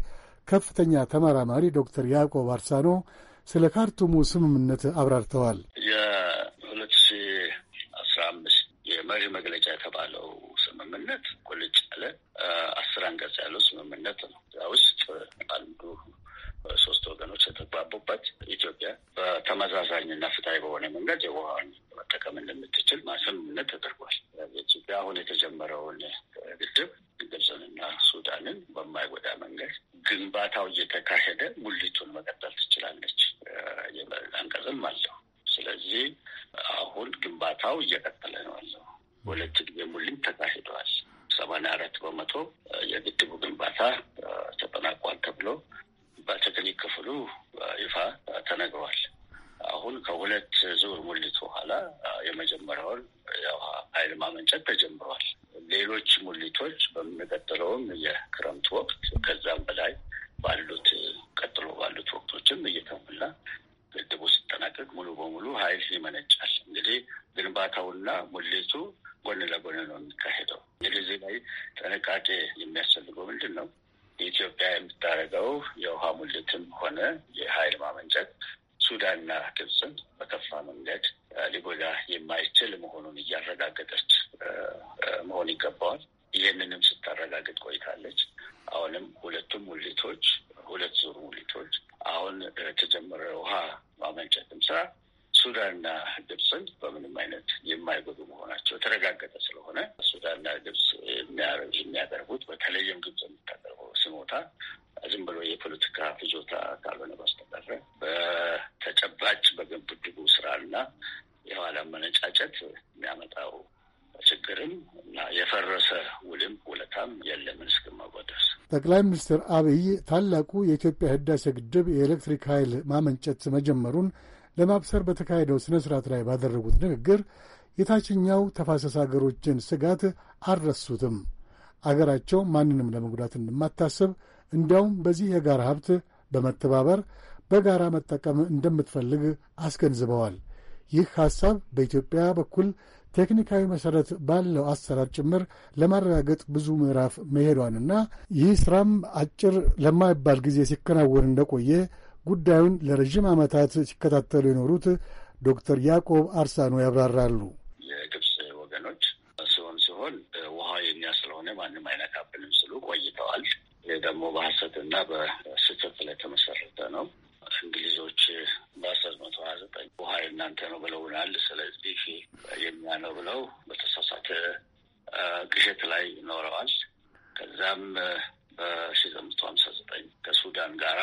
ከፍተኛ ተመራማሪ ዶክተር ያዕቆብ አርሳኖ ስለ ካርቱሙ ስምምነት አብራርተዋል። መሪ መግለጫ የተባለው ስምምነት ቁልጭ ያለ አስር አንቀጽ ያለው ስምምነት ነው። እዛ ውስጥ አንዱ ሶስት ወገኖች የተግባቡበት ኢትዮጵያ በተመዛዛኝና ፍትሐዊ በሆነ መንገድ የውሃን መጠቀም እንደምትችል ስምምነት ተደርጓል። ኢትዮጵያ አሁን የተጀመረውን ግድብ ግብፅንና ሱዳንን በማይጎዳ መንገድ ግንባታው እየተካሄደ ሙሊቱን መ ጠቅላይ ሚኒስትር አብይ ታላቁ የኢትዮጵያ ህዳሴ ግድብ የኤሌክትሪክ ኃይል ማመንጨት መጀመሩን ለማብሰር በተካሄደው ሥነ ሥርዓት ላይ ባደረጉት ንግግር የታችኛው ተፋሰስ አገሮችን ስጋት አልረሱትም። አገራቸው ማንንም ለመጉዳት እንደማታስብ እንዲያውም በዚህ የጋራ ሀብት በመተባበር በጋራ መጠቀም እንደምትፈልግ አስገንዝበዋል። ይህ ሐሳብ በኢትዮጵያ በኩል ቴክኒካዊ መሰረት ባለው አሰራር ጭምር ለማረጋገጥ ብዙ ምዕራፍ መሄዷንና ይህ ስራም አጭር ለማይባል ጊዜ ሲከናወን እንደቆየ ጉዳዩን ለረዥም ዓመታት ሲከታተሉ የኖሩት ዶክተር ያዕቆብ አርሳኖ ያብራራሉ። የግብፅ ወገኖች ሲሆን ሲሆን ውሃ የኛ ስለሆነ ማንም አይነካብንም ስሉ ቆይተዋል። ይህ ደግሞ በሐሰትና በስህተት ላይ የተመሰረተ ነው። እንግሊዞች በአስራ መቶ ሀያ ዘጠኝ ውሃ የእናንተ ነው ብለውናል። ስለዚህ የኛ ነው ብለው በተሳሳተ ግሸት ላይ ኖረዋል። ከዛም በሺ ዘጠኝ ሀምሳ ዘጠኝ ከሱዳን ጋራ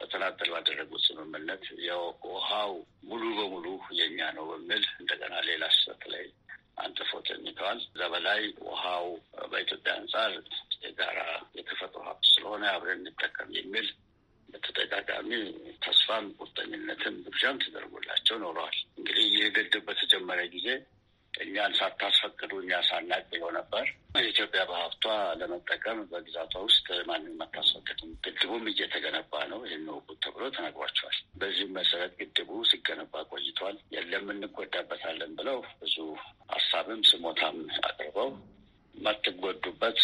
በተናጠል ባደረጉት ስምምነት የውሃው ሙሉ በሙሉ የእኛ ነው በሚል እንደገና ሌላ ስሰት ላይ አንጥፎ ተኝተዋል። እዛ በላይ ውሃው በኢትዮጵያ አንጻር የጋራ የተፈጥሮ ሀብት ስለሆነ አብረን እንጠቀም የሚል በተደጋጋሚ ተስፋም ቁርጠኝነትም ግብዣም ተደርጎላቸው ኖረዋል። እንግዲህ ይህ ግድብ በተጀመረ ጊዜ እኛን ሳታስፈቅዱ እኛ ሳናቅለው ነበር። ኢትዮጵያ በሀብቷ ለመጠቀም በግዛቷ ውስጥ ማንም አታስፈቅድም። ግድቡም እየተገነባ ነው፣ ይህን ውቁ ተብሎ ተነግሯቸዋል። በዚህም መሰረት ግድቡ ሲገነባ ቆይቷል። የለም እንጎዳበታለን ብለው ብዙ ሀሳብም ስሞታም አቅርበው የማትጎዱበት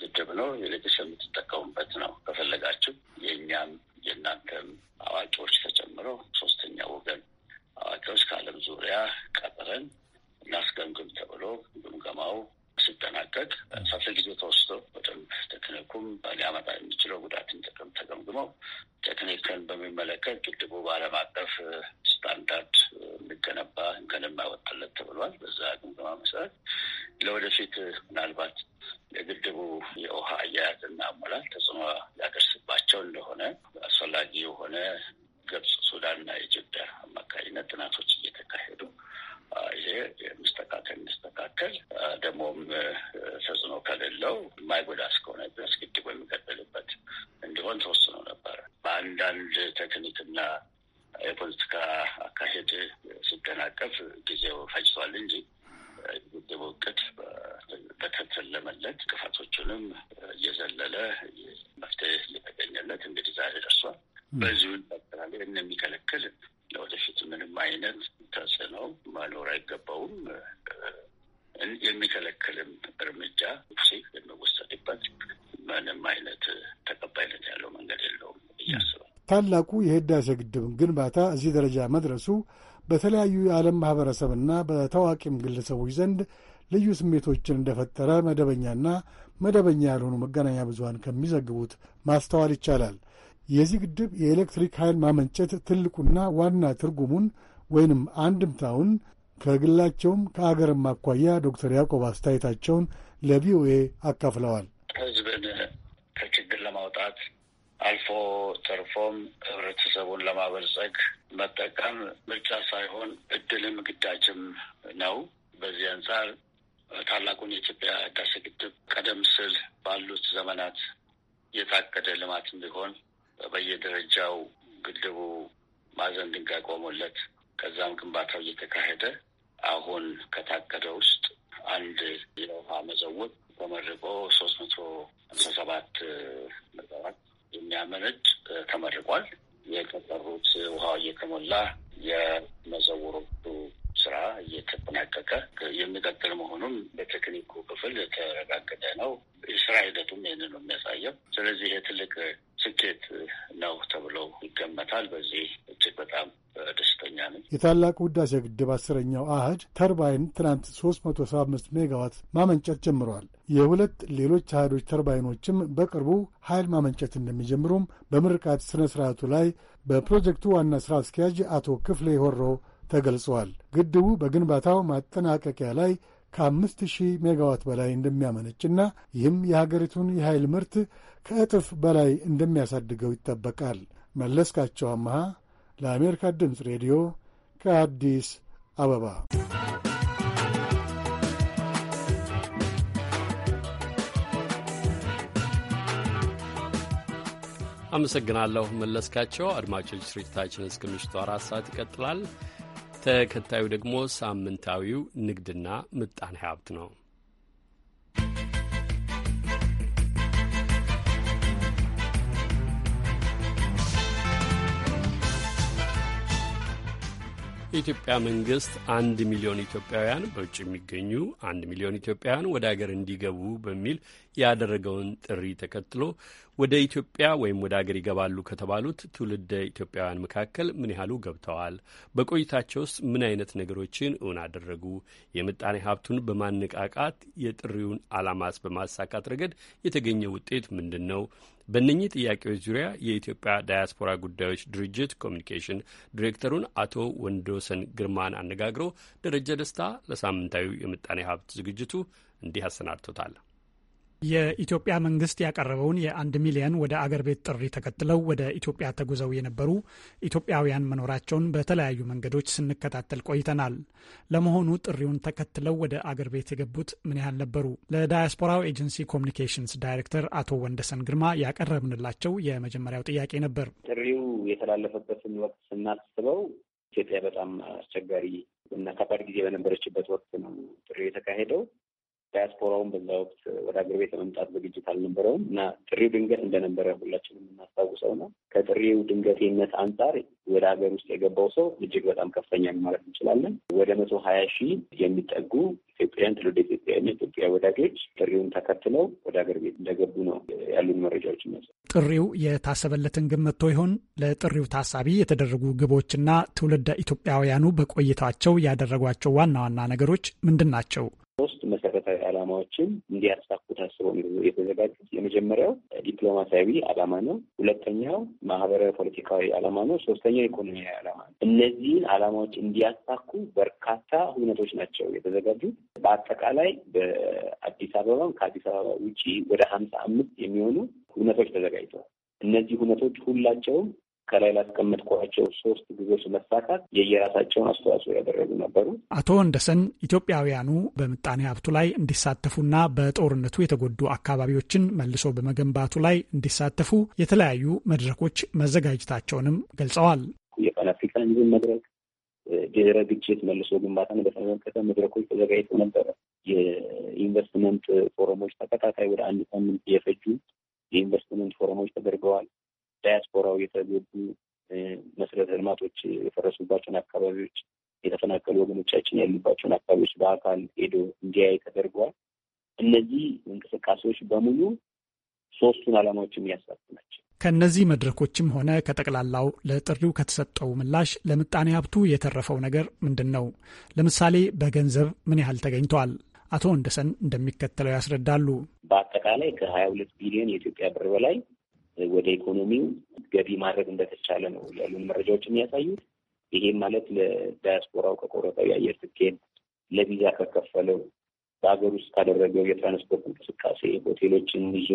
ግድብ ነው። ይልቅስ የምትጠቀሙበት ነው። ከፈለጋችሁ የእኛም የእናንተም አዋቂዎች ተጨምሮ ሶስተኛ ወገን አዋቂዎች ከዓለም ዙሪያ ቀጥረን እናስገምግም ተብሎ ግምገማው ሲጠናቀቅ ሰፊ ጊዜ ተወስዶ በደንብ ቴክኒኩም ሊያመጣ የሚችለው ጉዳትን ጥቅም ተገምግመው ቴክኒክን በሚመለከት ግድቡ በዓለም አቀፍ የታላቁ የህዳሴ ግድብ ግንባታ እዚህ ደረጃ መድረሱ በተለያዩ የዓለም ማኅበረሰብና በታዋቂም ግለሰቦች ዘንድ ልዩ ስሜቶችን እንደፈጠረ መደበኛና መደበኛ ያልሆኑ መገናኛ ብዙሀን ከሚዘግቡት ማስተዋል ይቻላል። የዚህ ግድብ የኤሌክትሪክ ኃይል ማመንጨት ትልቁና ዋና ትርጉሙን ወይንም አንድምታውን ከግላቸውም ከአገርም አኳያ ዶክተር ያዕቆብ አስተያየታቸውን ለቪኦኤ አካፍለዋል። አልፎ ተርፎም ህብረተሰቡን ለማበልጸግ መጠቀም ምርጫ ሳይሆን እድልም ግዳጅም ነው። በዚህ አንጻር ታላቁን የኢትዮጵያ ህዳሴ ግድብ ቀደም ስል ባሉት ዘመናት የታቀደ ልማት እንዲሆን በየደረጃው ግድቡ ማዕዘን ድንጋይ ቆሞለት ከዛም ግንባታው እየተካሄደ አሁን ከታቀደ ውስጥ አንድ የውሃ መዘውት ተመርቆ ሶስት መቶ ሰባት መጋዋት የሚያመነጭ ተመርቋል። የተቀሩት ውሃ እየተሞላ የመዘውሮቹ ስራ እየተጠናቀቀ የሚቀጥል መሆኑም በቴክኒኩ ክፍል የተረጋገጠ ነው። የስራ ሂደቱም ይህንን ነው የሚያሳየው። ስለዚህ ይሄ ትልቅ ስኬት ነው ተብሎ ይገመታል። በዚህ እጅግ በጣም ደስተኛ ነኝ። የታላቁ ህዳሴ ግድብ አስረኛው አህድ ተርባይን ትናንት 375 ሜጋዋት ማመንጨት ጀምሯል። የሁለት ሌሎች አህዶች ተርባይኖችም በቅርቡ ኃይል ማመንጨት እንደሚጀምሩም በምርቃት ሥነ ሥርዓቱ ላይ በፕሮጀክቱ ዋና ስራ አስኪያጅ አቶ ክፍሌ ሆሮ ተገልጸዋል። ግድቡ በግንባታው ማጠናቀቂያ ላይ ከአምስት ሺህ ሜጋዋት በላይ እንደሚያመነጭና ይህም የሀገሪቱን የኃይል ምርት ከእጥፍ በላይ እንደሚያሳድገው ይጠበቃል። መለስካቸው አመሃ ለአሜሪካ ድምፅ ሬዲዮ ከአዲስ አበባ። አመሰግናለሁ መለስካቸው። አድማጮች ስርጭታችን እስከ ምሽቱ አራት ሰዓት ይቀጥላል። ተከታዩ ደግሞ ሳምንታዊው ንግድና ምጣኔ ሀብት ነው። የኢትዮጵያ መንግስት አንድ ሚሊዮን ኢትዮጵያውያን በውጭ የሚገኙ አንድ ሚሊዮን ኢትዮጵያውያን ወደ አገር እንዲገቡ በሚል ያደረገውን ጥሪ ተከትሎ ወደ ኢትዮጵያ ወይም ወደ አገር ይገባሉ ከተባሉት ትውልደ ኢትዮጵያውያን መካከል ምን ያህሉ ገብተዋል? በቆይታቸው ውስጥ ምን አይነት ነገሮችን እውን አደረጉ? የምጣኔ ሀብቱን በማነቃቃት የጥሪውን አላማስ በማሳካት ረገድ የተገኘ ውጤት ምንድን ነው? በእነኚህ ጥያቄዎች ዙሪያ የኢትዮጵያ ዳያስፖራ ጉዳዮች ድርጅት ኮሚኒኬሽን ዲሬክተሩን አቶ ወንዶሰን ግርማን አነጋግሮ ደረጀ ደስታ ለሳምንታዊ የምጣኔ ሀብት ዝግጅቱ እንዲህ አሰናድቶታል። የኢትዮጵያ መንግስት ያቀረበውን የአንድ ሚሊየን ወደ አገር ቤት ጥሪ ተከትለው ወደ ኢትዮጵያ ተጉዘው የነበሩ ኢትዮጵያውያን መኖራቸውን በተለያዩ መንገዶች ስንከታተል ቆይተናል። ለመሆኑ ጥሪውን ተከትለው ወደ አገር ቤት የገቡት ምን ያህል ነበሩ? ለዳያስፖራው ኤጀንሲ ኮሚኒኬሽንስ ዳይሬክተር አቶ ወንደሰን ግርማ ያቀረብንላቸው የመጀመሪያው ጥያቄ ነበር። ጥሪው የተላለፈበትን ወቅት ስናስበው ኢትዮጵያ በጣም አስቸጋሪ እና ከባድ ጊዜ በነበረችበት ወቅት ነው ጥሪው የተካሄደው። ዳያስፖራውን በዛ ወቅት ወደ ሀገር ቤት ለመምጣት ዝግጅት አልነበረውም እና ጥሪው ድንገት እንደነበረ ሁላችንም የምናስታውሰው ነው። ከጥሪው ድንገቴነት አንጻር ወደ ሀገር ውስጥ የገባው ሰው እጅግ በጣም ከፍተኛ ማለት እንችላለን። ወደ መቶ ሀያ ሺህ የሚጠጉ ኢትዮጵያውያን ትውልደ ኢትዮጵያና ኢትዮጵያ ወዳጆች ጥሪውን ተከትለው ወደ ሀገር ቤት እንደገቡ ነው ያሉን መረጃዎች ይመስል ጥሪው የታሰበለትን ግብ መጥቶ ይሆን? ለጥሪው ታሳቢ የተደረጉ ግቦችና ትውልደ ኢትዮጵያውያኑ በቆይታቸው ያደረጓቸው ዋና ዋና ነገሮች ምንድን ናቸው? መሰረታዊ ዓላማዎችን እንዲያሳኩ ታስቦ የተዘጋጁት። የመጀመሪያው ዲፕሎማሲያዊ ዓላማ ነው። ሁለተኛው ማህበራዊ ፖለቲካዊ ዓላማ ነው። ሶስተኛው ኢኮኖሚያዊ ዓላማ ነው። እነዚህን ዓላማዎች እንዲያሳኩ በርካታ ሁነቶች ናቸው የተዘጋጁት። በአጠቃላይ በአዲስ አበባም ከአዲስ አበባ ውጪ ወደ ሀምሳ አምስት የሚሆኑ ሁነቶች ተዘጋጅተዋል። እነዚህ ሁነቶች ሁላቸውም ከላይ ላስቀመጥኳቸው ሶስት ግቦች መሳካት የየራሳቸውን አስተዋጽኦ ያደረጉ ነበሩ። አቶ ወንደሰን ኢትዮጵያውያኑ በምጣኔ ሀብቱ ላይ እንዲሳተፉና በጦርነቱ የተጎዱ አካባቢዎችን መልሶ በመገንባቱ ላይ እንዲሳተፉ የተለያዩ መድረኮች መዘጋጀታቸውንም ገልጸዋል። የፓን አፍሪካኒዝም መድረክ ድህረ ግጭት መልሶ ግንባታን በተመለከተ መድረኮች ተዘጋጅተው ነበረ። የኢንቨስትመንት ፎረሞች ተከታታይ ወደ አንድ ሳምንት የፈጁ የኢንቨስትመንት ፎረሞች ተደርገዋል። ዳያስፖራው የተጎዱ መሰረተ ልማቶች የፈረሱባቸውን አካባቢዎች የተፈናቀሉ ወገኖቻችን ያሉባቸውን አካባቢዎች በአካል ሄዶ እንዲያይ ተደርጓል። እነዚህ እንቅስቃሴዎች በሙሉ ሶስቱን ዓላማዎች የሚያሳቱ ናቸው። ከእነዚህ መድረኮችም ሆነ ከጠቅላላው ለጥሪው ከተሰጠው ምላሽ ለምጣኔ ሀብቱ የተረፈው ነገር ምንድን ነው? ለምሳሌ በገንዘብ ምን ያህል ተገኝተዋል? አቶ ወንደሰን እንደሚከተለው ያስረዳሉ። በአጠቃላይ ከሀያ ሁለት ቢሊዮን የኢትዮጵያ ብር በላይ ወደ ኢኮኖሚው ገቢ ማድረግ እንደተቻለ ነው ያሉን መረጃዎች የሚያሳዩት። ይሄም ማለት ለዳያስፖራው ከቆረጠው የአየር ትኬት፣ ለቪዛ ከከፈለው፣ በሀገር ውስጥ ካደረገው የትራንስፖርት እንቅስቃሴ፣ ሆቴሎችን ይዞ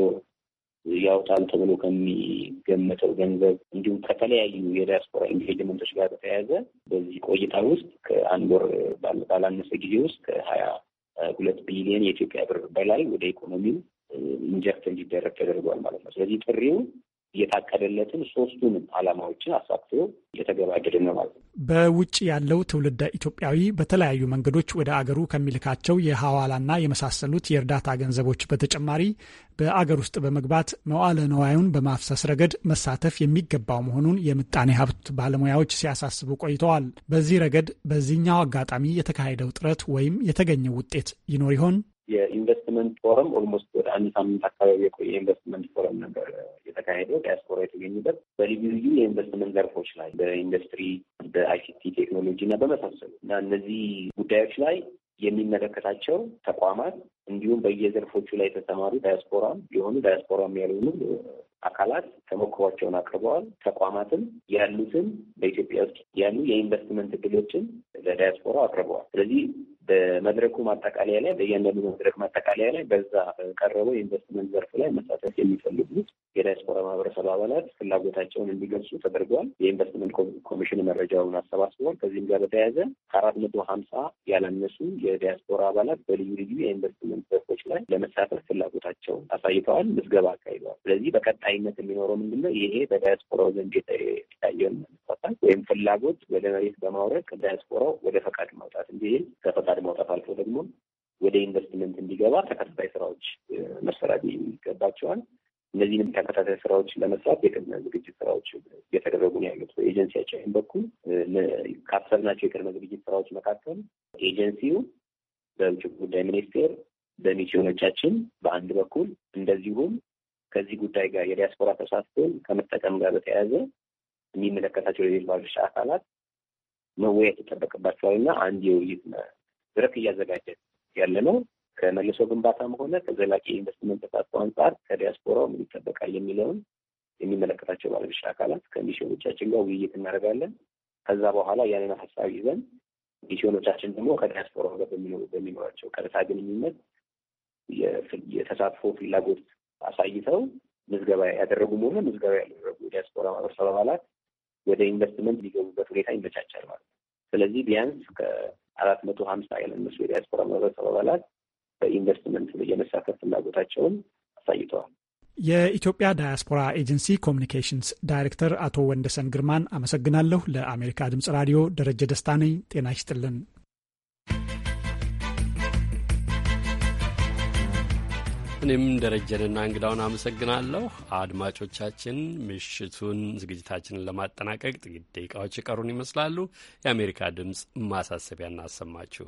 ያውጣል ተብሎ ከሚገመተው ገንዘብ እንዲሁም ከተለያዩ የዲያስፖራ ኢንጌጅመንቶች ጋር በተያያዘ በዚህ ቆይታ ውስጥ ከአንድ ወር ባላነሰ ጊዜ ውስጥ ከሀያ ሁለት ቢሊዮን የኢትዮጵያ ብር በላይ ወደ ኢኮኖሚው ኢንጀክት እንዲደረግ ተደርጓል ማለት ነው። ስለዚህ ጥሪው እየታቀደለትን ሶስቱን አላማዎችን አሳክቶ እየተገባደደ ነው ማለት ነው። በውጭ ያለው ትውልደ ኢትዮጵያዊ በተለያዩ መንገዶች ወደ አገሩ ከሚልካቸው የሐዋላና የመሳሰሉት የእርዳታ ገንዘቦች በተጨማሪ በአገር ውስጥ በመግባት መዋለ ነዋዩን በማፍሰስ ረገድ መሳተፍ የሚገባው መሆኑን የምጣኔ ሀብት ባለሙያዎች ሲያሳስቡ ቆይተዋል። በዚህ ረገድ በዚህኛው አጋጣሚ የተካሄደው ጥረት ወይም የተገኘው ውጤት ይኖር ይሆን? የኢንቨስትመንት ፎረም ኦልሞስት ወደ አንድ ሳምንት አካባቢ የቆየ የኢንቨስትመንት ፎረም ነበር የተካሄደው ዲያስፖራ የተገኙበት በልዩ ልዩ የኢንቨስትመንት ዘርፎች ላይ በኢንዱስትሪ፣ በአይሲቲ ቴክኖሎጂ እና በመሳሰሉ እና እነዚህ ጉዳዮች ላይ የሚመለከታቸው ተቋማት እንዲሁም በየዘርፎቹ ላይ የተሰማሩ ዳያስፖራም የሆኑ ዳያስፖራም ያልሆኑ አካላት ተሞክሯቸውን አቅርበዋል። ተቋማትም ያሉትን በኢትዮጵያ ውስጥ ያሉ የኢንቨስትመንት እድሎችን ለዳያስፖራ አቅርበዋል። ስለዚህ በመድረኩ ማጠቃለያ ላይ በእያንዳንዱ መድረክ ማጠቃለያ ላይ በዛ ቀረበው የኢንቨስትመንት ዘርፍ ላይ መሳተፍ የሚፈልጉ የዳያስፖራ ማህበረሰብ አባላት ፍላጎታቸውን እንዲገልጹ ተደርገዋል። የኢንቨስትመንት ኮሚሽን መረጃውን አሰባስበዋል። ከዚህም ጋር በተያያዘ ከአራት መቶ ሀምሳ ያላነሱ የዳያስፖራ አባላት በልዩ ልዩ የኢንቨስትመንት ዘርፎች ላይ ለመሳተፍ ፍላጎታቸው አሳይተዋል፣ ምዝገባ አካሂደዋል። ስለዚህ በቀጣይነት የሚኖረው ምንድን ነው? ይሄ በዳያስፖራው ዘንድ የታየውን መነሳሳት ወይም ፍላጎት ወደ መሬት በማውረድ ዳያስፖራ ወደ ፈቃድ ማውጣት እንዲል ከፈቃድ ማውጣት አልፎ ደግሞ ወደ ኢንቨስትመንት እንዲገባ ተከታታይ ስራዎች መሰራት ይገባቸዋል። እነዚህንም ተከታታይ ስራዎች ለመስራት የቅድመ ዝግጅት ስራዎች እየተደረጉ ነው ያሉት ኤጀንሲያችን በኩል ካሰብናቸው የቅድመ ዝግጅት ስራዎች መካከል ኤጀንሲው በውጭ ጉዳይ ሚኒስቴር በሚስዮኖቻችን በአንድ በኩል እንደዚሁም ከዚህ ጉዳይ ጋር የዲያስፖራ ተሳትፎን ከመጠቀም ጋር በተያያዘ የሚመለከታቸው ሌሎች ባለድርሻ አካላት መወያየት ይጠበቅባቸዋል እና አንድ የውይይት መድረክ እያዘጋጀ ያለ ነው። ከመልሶ ግንባታም ሆነ ከዘላቂ ኢንቨስትመንት ተሳትፎ አንጻር ከዲያስፖራው ምን ይጠበቃል የሚለውን የሚመለከታቸው ባለድርሻ አካላት ከሚሽኖቻችን ጋር ውይይት እናደርጋለን። ከዛ በኋላ ያንን ሀሳብ ይዘን ሚሽኖቻችን ደግሞ ከዲያስፖራ ጋር በሚኖራቸው ቀጥታ ግንኙነት የተሳትፎ ፍላጎት አሳይተው ምዝገባ ያደረጉ መሆኑ ምዝገባ ያደረጉ የዲያስፖራ ማህበረሰብ አባላት ወደ ኢንቨስትመንት ሊገቡበት ሁኔታ ይመቻቻል ማለት ነው። ስለዚህ ቢያንስ ከአራት መቶ ሀምሳ ያለነሱ የዲያስፖራ ማህበረሰብ አባላት በኢንቨስትመንት የመሳተፍ ፍላጎታቸውን አሳይተዋል። የኢትዮጵያ ዳያስፖራ ኤጀንሲ ኮሚኒኬሽንስ ዳይሬክተር አቶ ወንደሰን ግርማን አመሰግናለሁ። ለአሜሪካ ድምጽ ራዲዮ ደረጀ ደስታ ነኝ። ጤና ይስጥልን። እኔም ደረጀንና እንግዳውን አመሰግናለሁ። አድማጮቻችን፣ ምሽቱን ዝግጅታችንን ለማጠናቀቅ ጥቂት ደቂቃዎች የቀሩን ይመስላሉ። የአሜሪካ ድምፅ ማሳሰቢያ እናሰማችሁ።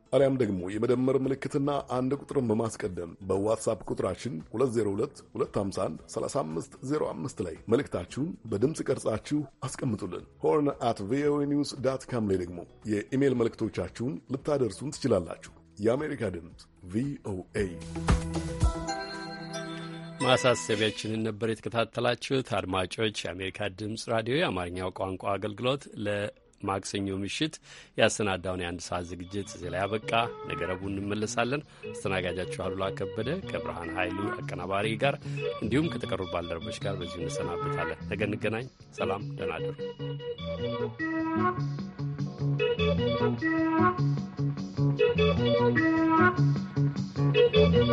አሊያም ደግሞ የመደመር ምልክትና አንድ ቁጥርን በማስቀደም በዋትሳፕ ቁጥራችን 2022513505 ላይ መልእክታችሁን በድምፅ ቀርጻችሁ አስቀምጡልን። ሆርን አት ቪኦኤ ኒውስ ዳት ካም ላይ ደግሞ የኢሜይል መልእክቶቻችሁን ልታደርሱን ትችላላችሁ። የአሜሪካ ድምፅ ቪኦኤ ማሳሰቢያችንን ነበር የተከታተላችሁት። አድማጮች፣ የአሜሪካ ድምፅ ራዲዮ የአማርኛው ቋንቋ አገልግሎት ማክሰኞ ምሽት ያሰናዳውን የአንድ ሰዓት ዝግጅት እዚህ ላይ አበቃ። ነገ ረቡዕ እንመለሳለን። አስተናጋጃችሁ አሉላ ከበደ ከብርሃን ኃይሉ አቀናባሪ ጋር እንዲሁም ከተቀሩ ባልደረቦች ጋር በዚሁ እንሰናበታለን። ነገ እንገናኝ። ሰላም፣ ደህና እደሩ።